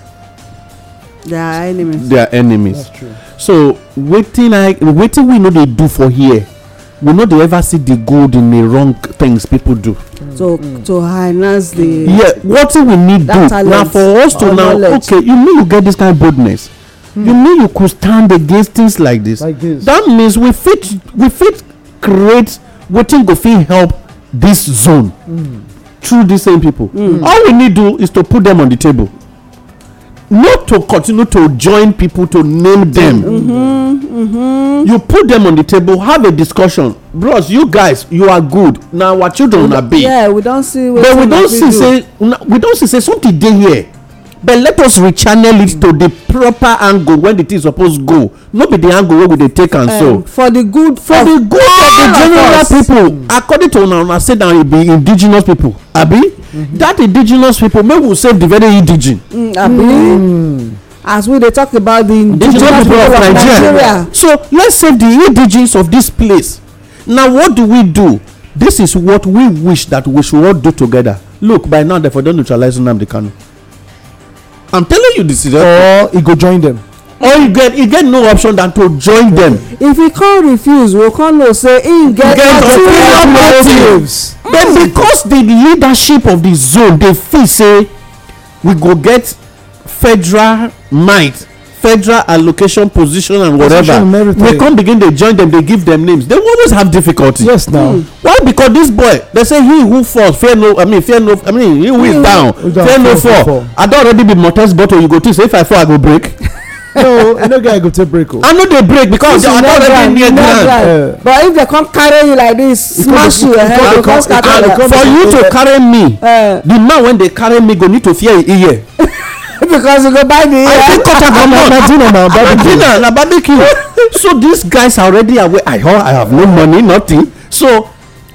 Speaker 2: their enemies. Their enemies. That's
Speaker 3: true. So waiting like, waiting we know they do for here. We know they ever see the good in the wrong things people do. Mm.
Speaker 2: So mm. to harness the Yeah, what we need do now for us to now knowledge.
Speaker 3: okay, you mean you get this kind of boldness. Mm. You mean you could stand against things like this. Like this. That means we fit we fit create waiting go fit help this zone. Mm through these same people. Mm. All we need do is to put them on the table. Not to continue to join people to name them.
Speaker 1: Mm-hmm, mm-hmm. You
Speaker 3: put them on the table, have a discussion. Bros, you guys, you are good. Now our children we, are big.
Speaker 2: Yeah, we don't see. But we don't see say
Speaker 3: we don't see say something dey here but let us rechannel it to the proper angle when the thing suppose go no be the angle wey we dey take am so. Um, for the good for the good of the general people hmm. according to una una say na e be indigenous people abi mm-hmm. that indigenous people make we save the very indigene.
Speaker 2: Hmm, abi. Hmm. as we dey talk about the indigenous people of nigeria
Speaker 3: so let's save the indigens of this place now what do we do this is what we wish that we should all do together look by now therefore don neutralize nnamdi kanu i'm telling you this is or he go join them. or he get he get no option than to join them. if he con refuse we con know say him get get ulterior motives but hmm. because the leadership of the zone dey feel say we go get federal might federal allocation position and whatever they come begin dey join them, dey give them names They always have difficulty yes now hmm. why because this boy they say he who fall fear no i mean fear no i mean he who is hmm. down fear no fall i don already be mortis bottle you go think say if i fall i go break no i no get go take break o oh. i no dey break because i don already near
Speaker 4: ground
Speaker 2: but if dem come carry you like this smash you head eh, you come scatter for you to carry
Speaker 3: me eh. the man wey dey carry me go need to fear e ear because you go buy the i fit cut am from my dinner na barbecue. dinner na barbecue so these guys are already aware i oh, i have no money nothing so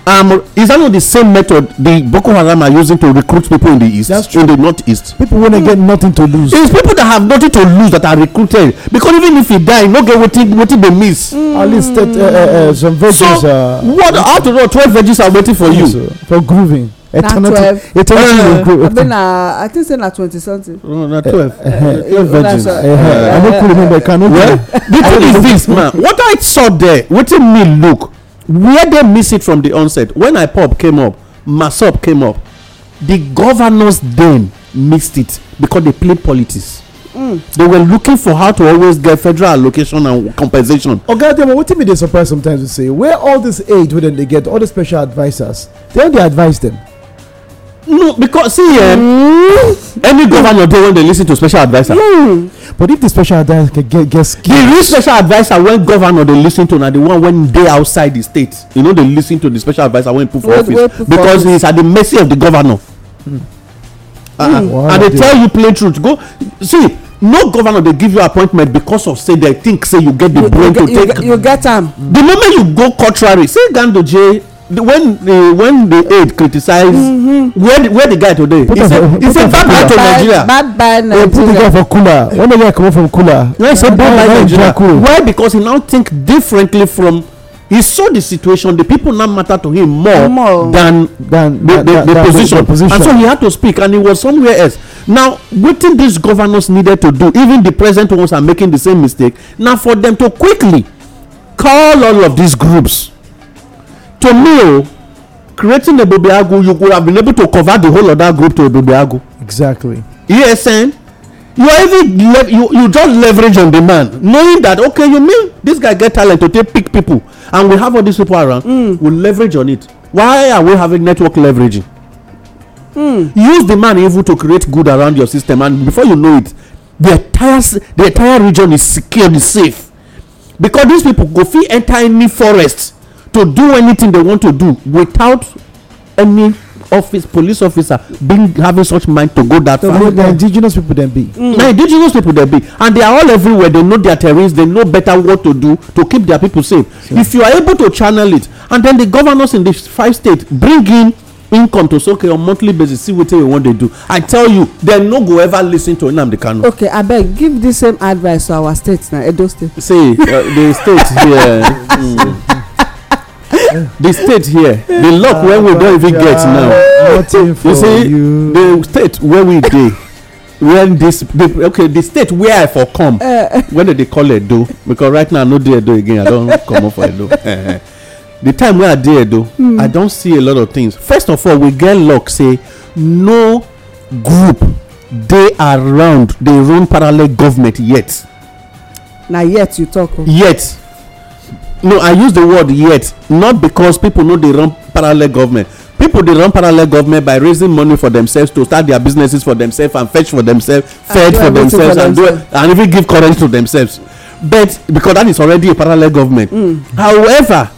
Speaker 3: um, is that not the same method the Boko Haram are using to recruit people in the east in the northeast? People wanna mm. get nothing to lose. It's people that have nothing to lose that are recruited because even if he die, no get wetin wetin dey miss. Mm. At least that, uh, uh, uh, some veggies. So uh, what after all twelve veggies are waiting for yes, you. Sir,
Speaker 4: for grooving
Speaker 3: na twelve eh. abi
Speaker 2: na i think say na twenty something.
Speaker 3: no na twelve eh, eh, twelve oh, virgins i no fit remember i can no well the thing is this man what i saw there wetin me look where they miss it from the onset when ipob came up masop came up the governors then missed it because they played politics. Mm. they were looking for how to always get federal allocation and compensation. oga ademo wetin be dey surprise
Speaker 4: sometimes to say where all this aid wey dem dey get all the special advisers dem dey advise dem.
Speaker 3: No, because see, eh, mm. any governor don't want to listen to special advisor. Mm.
Speaker 4: But if the special advisor get, get skills.
Speaker 3: The real special advisor when governor they listen to now the one when they outside the state. You know they listen to the special advisor when put for wait, office wait, put because for he's at the mercy of the governor.
Speaker 1: Mm.
Speaker 3: Uh, mm. and they dude. tell you plain truth. Go see no governor dey give you appointment because of say they think say you get the you, brain you, to you, take. you get am. the moment you go contrary say ganduje when the when the aide criticise mm -hmm. where where the guy today he say he say bad bad to nigeria bad bad nigeria put the guy for kula when the guy comot from kula he say bad bad nigeria why because he now think differently from he saw the situation the people now matter to him more, more than than the, the, than, the, the, position. the, position. and so he had to speak and he was somewhere else now wetin these governors needed to do even the present ones are making the same mistake now for them to quickly call all of these groups to me o oh, creating a Bobiagu, you would have been able to cover the whole of that group to a Bobiagu.
Speaker 4: Exactly.
Speaker 3: ESN, you are even you, you just leverage on the man, knowing that okay, you mean this guy get talent to take pick people, and we have all these people around. Mm. We leverage on it. Why are we having network leveraging? Mm. Use man evil to create good around your system, and before you know it, the entire the entire region is secure, is safe, because these people go fit enter any forest to do anything they want to do without any office police officer being having such mind to go that so far. So the indigenous people dem be. Mm. Na indigenous people dem be and they are all everywhere they know their terrains they know better what to do to keep their people safe. Sure. If you are able to channel it and then the governors in the five states bring in income to soke on monthly basis see wetin you wan dey do i tell you dem no go ever lis ten to nnamdi kanu.
Speaker 2: okay abeg give the same advice to our state na edo state.
Speaker 3: see uh, the state here. mm the state here the luck wey we don even get now you see the state where we dey when this the okay the state where i for come eh. when dem dey call edo because right now i no dey edo again i don comot for edo the time wey i dey edo hmm. i don see a lot of things first of all we get luck say no group dey around dey run parallel government yet
Speaker 2: na yet you talk. Oh. yet
Speaker 3: no i use the word yet not because people no dey run parallel government people dey run parallel government by raising money for themselves to start their businesses for themselves and fetch for themselves fed for themselves and do and even give current to themselves but because that is already a parallel government hmm. however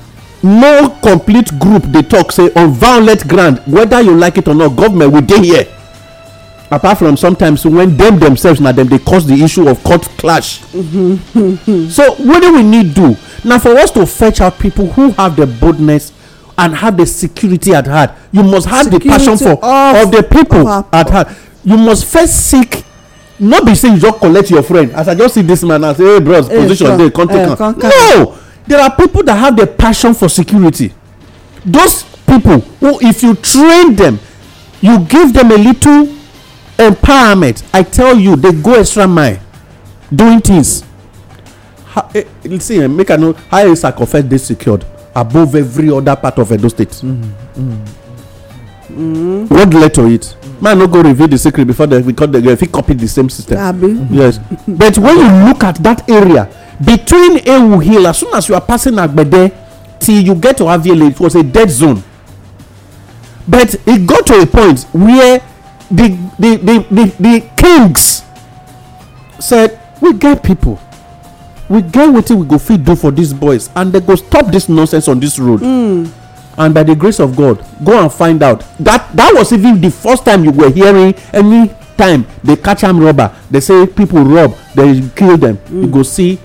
Speaker 3: no complete group dey talk say on violent ground whether you like it or not government will dey here apart from sometimes when dem themselves na dem dey cause the issue of court clash mm-hmm. so wetin we need do na for us to fetch out people who have the boldness and have the security at heart you must have the passion for of the people at heart you must first seek no be say you just collect your friend as i just see this man and say hey bros position dey come take eh, am no there are people that have the passion for security those people who if you train them you give them a little empowerment i tell you dey go extra mile doing things You eh, see make i know how is confess dey secured above every other part of edo state mm,
Speaker 1: mm, mm. led to
Speaker 3: it man no go reveal the secret before dem fit copy the same system yes but when you look at that area between ewu hill as soon as you are passing agbede till you get to aviele it was a dead zone but e got to a point where the the the the, the kings said we get people we get wetin we go fit do for these boys and they go stop this nonsense on this road. Mm. and by the grace of god go and find out that that was even the first time you were hearing any time they catch am robber they say people rob they kill them mm. you go see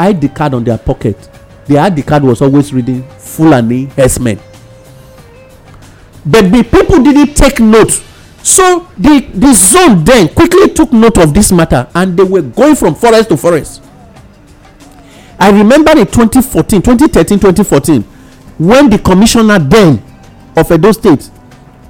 Speaker 3: id card on their pocket the id card was always reading fulani herdsmen but the people didn't take note so the the zone then quickly took note of this matter and they were going from forest to forest i remember in 2014 2013 2014 when the commissioner then of edo state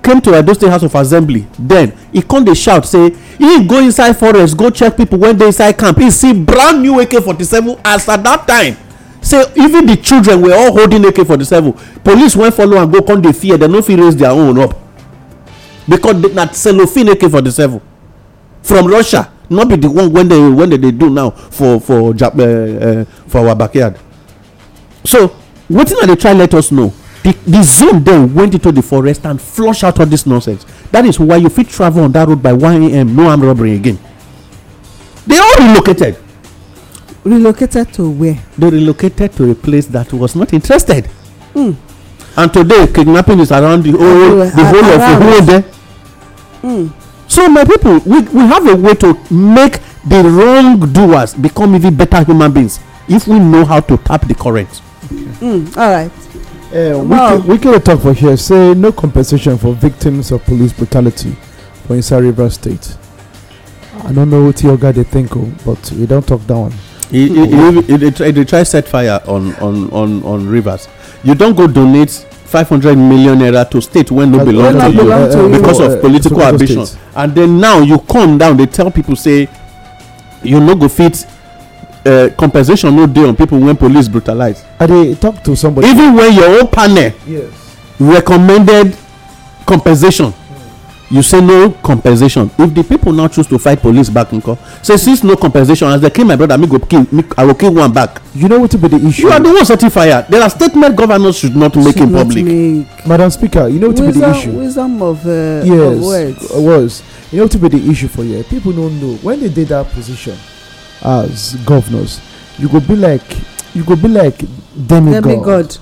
Speaker 3: came to edo state house of assembly then he come dey shout say e go inside forest go check people wey dey inside camp e see brand new ak-47 as at that time say even the children were all holding ak-47 police wey follow am go come dey fear dem no fit raise their own up because na cellophane ak-47 from russia not be the one wey they wey they dey do now for for eh, eh, for our backyard so wetin i dey try let us know the zone then went into the forest and flush out all this nonsense that is why you fit travel on that road by 1am no armed robbery again they all relocated relocated to where? they relocated to a place that was not interested hmm. and today kidnapping is around the whole the whole of the whole there Mm. So, my people, we, we have a way to make the wrongdoers become even better human beings if we know how to tap the current.
Speaker 1: Okay. Mm, all
Speaker 2: right. Uh, well,
Speaker 4: we can talk for here. Say no compensation for victims of police brutality for inside River State. I don't know what your guy they think of, oh, but we don't talk down.
Speaker 3: It, He he he. it, it, it try set fire on, on, on, on rivers. You don't go donate five hundred million naira to state wey no belong to you because of uh, political ambition and then now you come down dey tell people say you no go fit uh, compensation no dey on people when police brutalize i dey talk to somebody even when your own panel yes recommended compensation you say no compensation if the people now choose to fight police back nko say since no compensation as dem kill my brother me go kill i go kill one back you know wetin be the issue you are the one setting fire there are statements governors should not make in public madam speaker you know wetin be di issue
Speaker 2: wisdom of uh, words yes words
Speaker 4: you know wetin be the issue for here people no know when they dey that position as governors you go be like you go be like demigod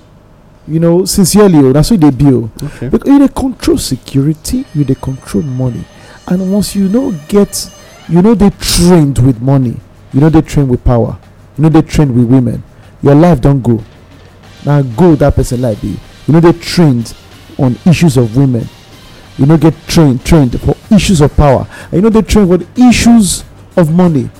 Speaker 4: you know sincerely o na so e dey be oh. because you dey control security you dey control money and once you know get you know they trained with money you know they train with power you know they trained with women your life don't go Now go that person life be you know they trained on issues of women you know get trained trained for issues of power and you know they train for issues of money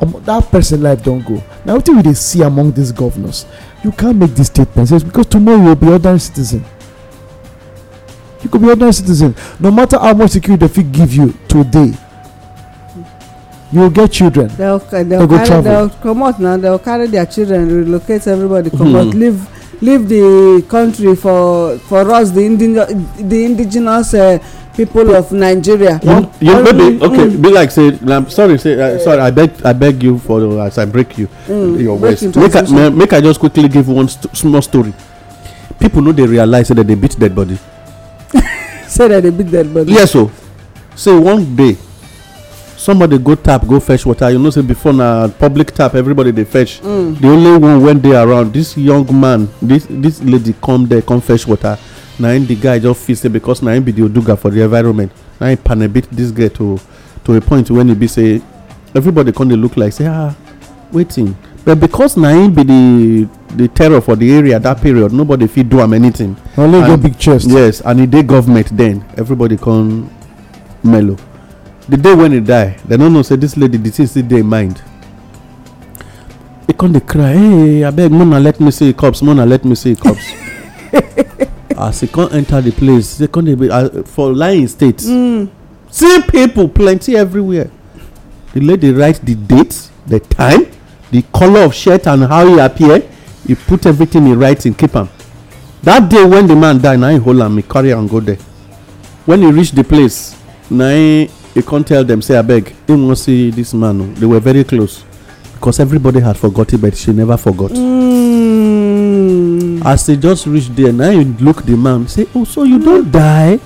Speaker 4: um, that person life don't go Now what do we see among these governors You can't make this statement yes, because tomorrow you'll be ordinary citizen. You could be ordinary citizen. No matter how much security they give you today, you'll get children.
Speaker 2: They'll, they'll, they'll go carry, travel. They'll come out now. They will carry their children, relocate everybody, come mm. out, leave, leave the country for for us the, indi the indigenous uh, people of nigeria you, you maybe mm. okay
Speaker 3: be like say na sorry say uh, sorry i beg i beg you for uh, as i break you mm. your waist make i make i just quickly give one st small story people no dey realize say dem dey beat dead body.
Speaker 2: say dem dey beat dead body.
Speaker 3: yes o oh. say one day somebody go tap go fetch water you know say before na public tap everybody dey fetch. Mm. the only one wey dey around this young man this this lady come there come fetch water na him the guy just feel say because na him be the oduga for the environment na him panabit this guy to to a point when e be say everybody come dey look like say ah wetin but because na him be the the terror for the area that period nobody fit do am anything. only go big chest. yes and e dey government then everybody come mellow the day when e die dem no know say this lady the thing still dey mind e come dey cry hey abeg mona let me see cups mona let me see cups. as ah, he come enter the place he come dey ah, for lying state hmm. see people plenty everywhere the lady write the date the time the color of shirt and how he appear He put everything in writing keep am that day when the man die na him hold am e carry am go there when e reach the place na he e come tell them. say abeg him wan see this man o oh. they were very close because everybody had forgotten but she never forgot
Speaker 1: mm.
Speaker 3: as they just reach there now you look the man say oh so you mm. don die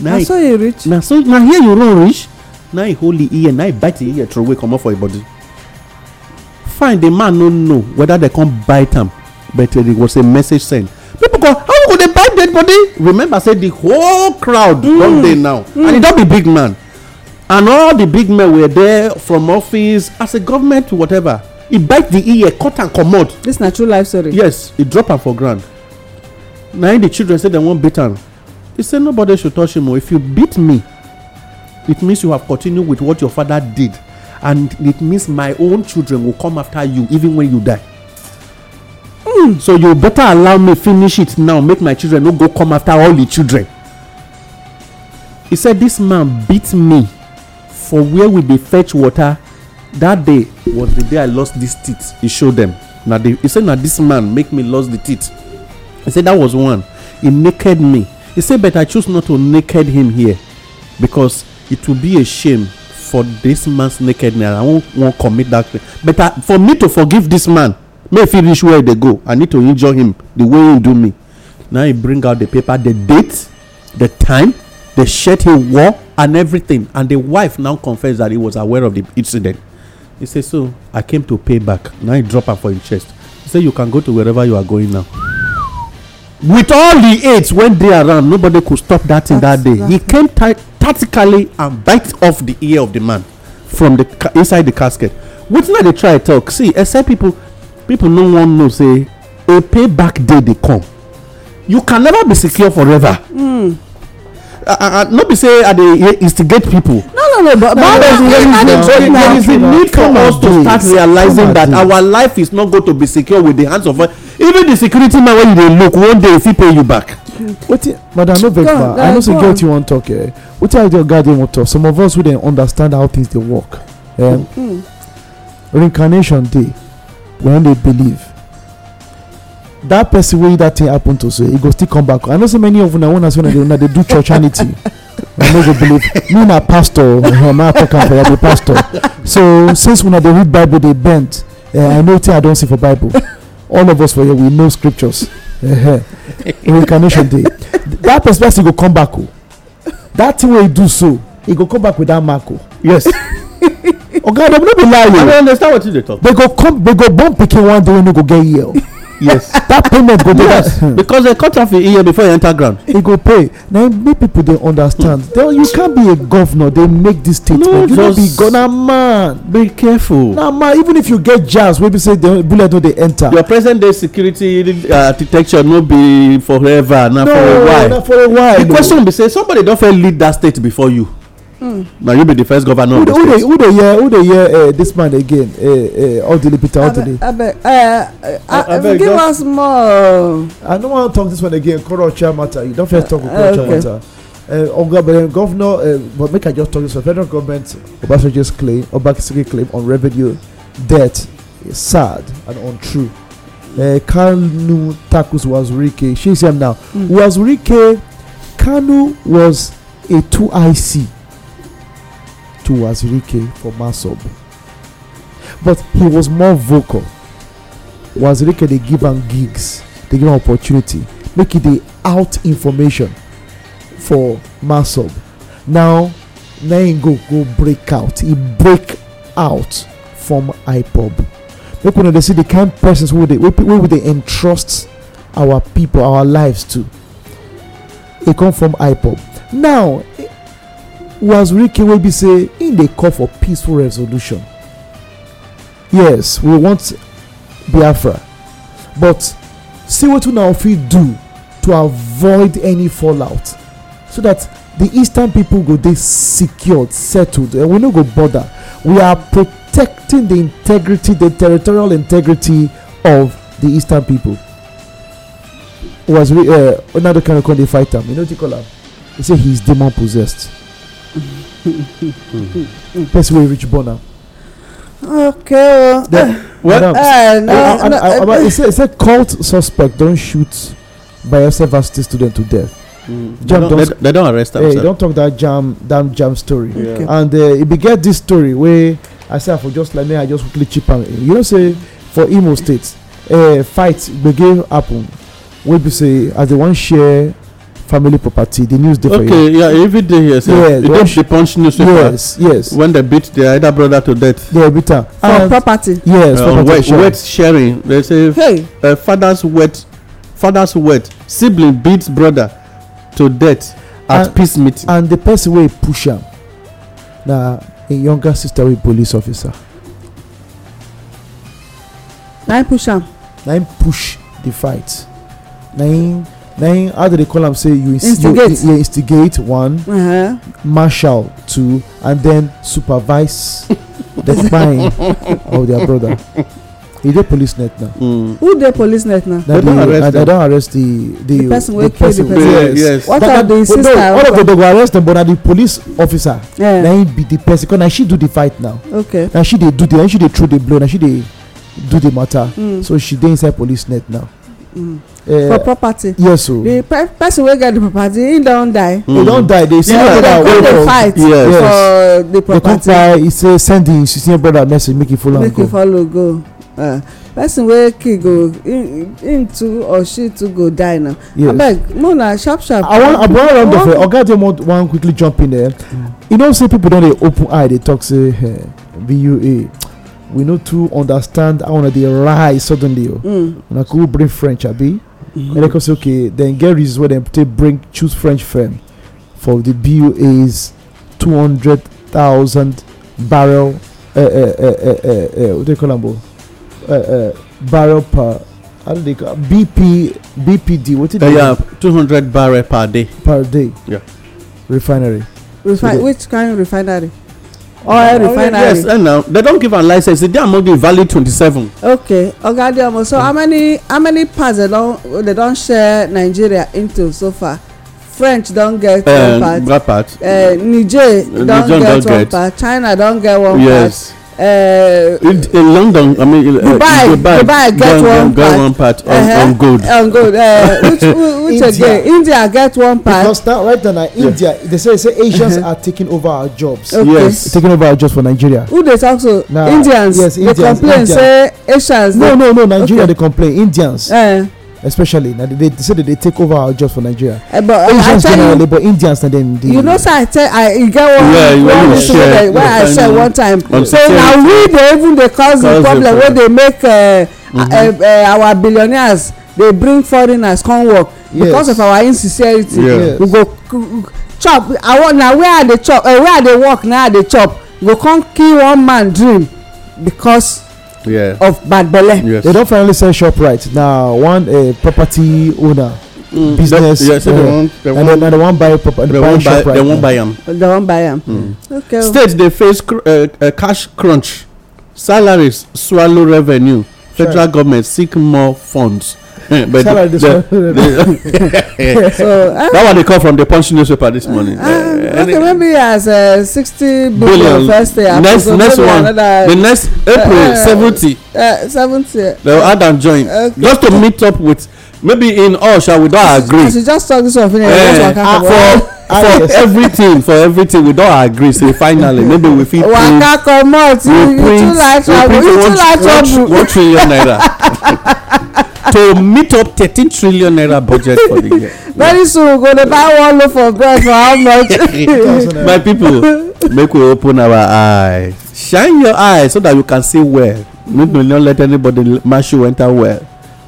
Speaker 3: na so you reach na so na here you run reach na he hold the ear na he bite the ear throwaway comot for him body fine the man no know whether they come bite am but it was a message sent people go how you go dey bite dead body remember say the whole crowd mm. don dey now mm. and he hmm. don be big man and all the big men were there from office as a government to whatever e bite the ear cut and comot. this na true life story. yes e drop am for ground na im the children say dem wan beat am he say nobody should touch him o oh. if you beat me it means you have continued with what your father did and it means my own children will come after you even when you die. Mm. so you better allow me finish it now make my children no go come after all the children. he said this man beat me for where we dey fetch water that day was the day i lost dis teeth He show them. na the e say na dis man make me lose the teeth He say that was one He naked me He say but i choose not to naked him here because it will be a shame for dis man's nakedness i wan wan commit that. thing but i for me to forgive this man make e fit reach where e dey go i need to injure him the way he do me now he bring out the paper the date the time the shirt he wore and everything. And the wife now confessed that he was aware of the incident. He said, So I came to pay back. Now he drop her for his chest. He said, You can go to wherever you are going now. With all the aids when they around, nobody could stop that that's in that day. He came tactically and bite off the ear of the man from the ca- inside the casket. What's not they try talk? See, except people people no one know say a payback day they come. You can never be secure forever. Mm. Uh, uh, uh, not be say i dey instigate people. no no no but but there is a need for us to start realizing that our life is not go to be secure with the hands of even the security man wey you dey look one day fit pay you back.
Speaker 4: wetin madam no vex ma i know say get you wan talk eh wetin i dey oga dey wan talk some of us wey dey understand how things dey work um, reincarnation dey we don dey believe that person wey that thing happen to so e go still come back i know say many of una una say una dey do churchanity. i no go believe me na pastor ma talk am for i be pastor so since una dey read bible dey bent uh, i know wetin i don see for bible all of us for here we know scriptures uh-huh. reincarnation dey that person person go come back o oh. that thing wey e do so e go come back with that mark o oh. yes oga dem no be lie o i oh. no
Speaker 3: understand wetin you dey talk they go
Speaker 4: come they go born pikin one day wey no go get ear o yes that payment go dey yes
Speaker 3: because they cut off a ear before you enter ground
Speaker 4: He go pay na make people dey understand you can't be a governor dey make this statement you no be governor man be careful na man
Speaker 3: even if you get jazz wey be say the
Speaker 4: bullet no dey enter.
Speaker 3: your present day security architecture uh, no be forever na for a while no na for a while the question be say somebody don fit lead that state before you Hmm. na you be the first governor of the state who dey hear who dey hear dis eh, man again
Speaker 4: odili eh, eh, peter odili
Speaker 2: abeg give us more
Speaker 4: i don't want to talk this one again corruption matter you don't first talk corruption matter governor but make i just talk this one federal government obasanjo's claim obakisiri claim on revenue debt is sad and untrue kanu tackles wazurike she see him now hmm. wazurike kanu was a 2ic to Wazirike for Masob. But he was more vocal. Wazirike, they give him gigs, they give him opportunity, make it the out information for Masob. Now, Naingo go break out. He break out from IPOB. Look, when they see the kind of persons who they, would they entrust our people, our lives to. They come from IPOB. Now, wazirike wey be say in the call for peaceful resolution yes we want biafra but see wetin una fit do to avoid any fallout so that the eastern people go they secured settled and we no go bother. we are protecting the integrity the territorial integrity of the eastern people was uh, another kind of con dey fight am you know what you call him? he say he is demon possessed person wey reach born am
Speaker 2: okay
Speaker 1: o well i
Speaker 4: say cult suspect don shoot bayelsa varsity student to death hmm. jam they don arrest am sir don talk that jam that jam story and e eh, be get dis story wey i say i for just like make i just quickly chip am you know say for imo state eh, fight gbege happen wey be say as they wan share family property the news dey okay, you. okay
Speaker 3: yeah every day here so yes, you don't dey punch newspaper yes yes when they beat their elder brother to death. they beat am. for
Speaker 2: and property. yes uh, property wet, wet
Speaker 3: sharing they say hey. uh, father's wet father's wet sibling beats brother to death at and, peace meeting. and the person wey push am na im younger sister wey police officer.
Speaker 2: na im push am.
Speaker 4: na im push the fight na im then how do they call am say you instigate you, you instigate one uh-huh. marshal two and then supervise the spying of their brother e dey police net now. Mm. who dey police net now. na the arrest They don arrest the the, the person wey kill the person yes, yes. what that, are the sister no, all of them dey go arrest them but na the police officer yeah. na him be the person because na she do the fight now okay na she dey do the na she dey throw the blow na she dey do the matter mm. so she dey inside police net now. Mm. Eh, for property yes o oh. the
Speaker 2: person wey get the property he don die he don mm.
Speaker 3: die they see
Speaker 4: like that wey for fight yes. for the property the company say send him senior brother message make he follow am go make
Speaker 2: he follow go ah. Ah, person wey kill go him too or she too go die now abeg no na sharp sharp i wan round off eh,
Speaker 4: oga dey wan quickly jump in there eh. you know say people don dey open eye dey talk say bua we no too understand how una dey rise suddenly o oh. mm. una could bring french abi And they can say, okay, then get reasons where they take bring choose French firm for the BUA's 200,000 barrel, uh, uh, uh, uh, uh, what do you call them? Uh, uh, barrel per how do they call BP BPD?
Speaker 3: What did uh, they yeah, two hundred barrel per day. Per day. Yeah. Refinery. Refi- so
Speaker 2: which kind of refinery? oil refinery. yes and
Speaker 3: now they don give am license dey among the Valley twenty-seven.
Speaker 2: okay oga adeomo so hmm. how many how many parts they don they don share nigeria into so far french don eh, eh, get
Speaker 1: one part Uh,
Speaker 2: niger don get one part china don get one part Uh,
Speaker 3: in, in london i mean uh, dubai, dubai dubai get one, one part, one part on, uh-huh, on gold on gold uh,
Speaker 4: which, which again india get one part because that right now india yeah. they say they say uh-huh. asians uh-huh. are taking over our jobs okay. yes taking over our jobs for nigeria who they talk to? nah, indians yes indians they complain indians. say asians no no no nigeria okay. dey complain indians. Uh-huh especially na they say that they take over our jobs for nigeria eh, asians generally but indians na dem dey you
Speaker 2: know sir, i tell i e get one Yeah, one issue wey i share one time say na we dey even dey cause di problem wey dey make eh, eh, mm-hmm. our billionaires dey bring foreigners come work because of our insincerity we go chop na where i dey work na i dey chop go come kill one man dream because
Speaker 1: yeah. of
Speaker 4: Bagbele. Yes. They don't finally sell shop right now. One uh, property owner. Mm.
Speaker 1: business yes, uh, they eh, won't, they won't, and then
Speaker 3: they won't buy
Speaker 2: proper
Speaker 1: they, they buy shop right they won't buy them. they
Speaker 2: wan buy am. Mm. okay. States
Speaker 3: they face cr uh, uh, cash crunch salaries swallow revenue federal sure. government seek more funds Eh, but the, the, so, uh, that ah. one they come from the punch newspaper this morning. Uh, uh,
Speaker 2: okay, maybe as uh, sixty billion, billion first day. Next, so next one, the next
Speaker 3: April uh, uh, seventy.
Speaker 2: Uh, seventy. They add
Speaker 3: and join okay. just to meet up with maybe in all shall we don agree. as
Speaker 2: you just talk this one finish you just eh, waka comot.
Speaker 3: for for ah, everything for everything we don agree say finally maybe we fit print waka comot you too like trouble you too like trouble. one trillion naira. to meet up thirteen trillion naira budget for the year.
Speaker 2: very soon we go dey buy one loaf of bread for how much.
Speaker 3: my people make we open our eye shine your eye so that you can see well make we no let anybody match you enter well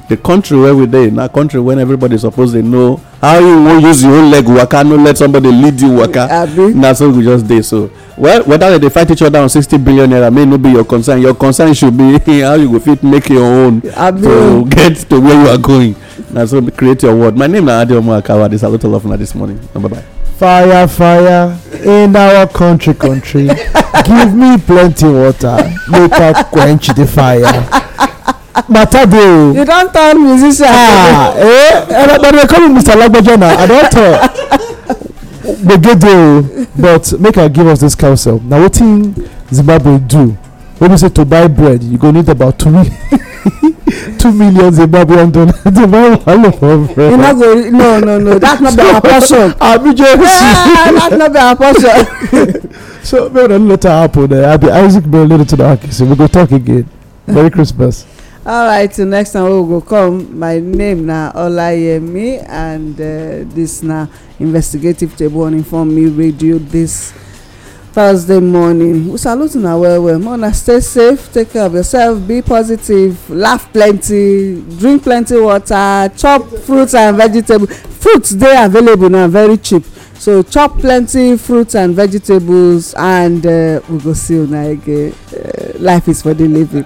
Speaker 3: the country wey we dey na country when everybody suppose dey know how you wan use your own leg waka no let somebody lead you waka na so we just dey so well whether they fight each other on sixty billion naira may no be your concern your concern should be how you go fit make your own to get to where you are going na so create your world my name na adeomu akawa dey salute all of una this morning na bye bye.
Speaker 4: fire fire in our country country give me plenty water make i quench the fire. matter dey o. you
Speaker 2: don turn musician. ah
Speaker 4: eh everybody eh, dey call me mr lagbajo now. i don tell. We get there, but make i give us this counsel na wetin zimbabwe do wey be say to buy bread you go need about two two million zimbabwean dollars to buy one loaf of bread. you no go no no no that's not so, our portion. abi
Speaker 2: jesu yeah, that's not our portion.
Speaker 4: so make una no let her happen eh abi isaac bello to the hockey so we go talk again merry christmas.
Speaker 2: All right. till next time we go come my name na olayemi and uh, this na investigative table on inform me radio this thursday morning we salute una well well una stay safe take care of yourself be positive laugh plenty drink plenty water chop fruits and vegetable fruits dey available now very cheap so chop plenty fruits and vegetables and uh, we go see una again uh, life is for the living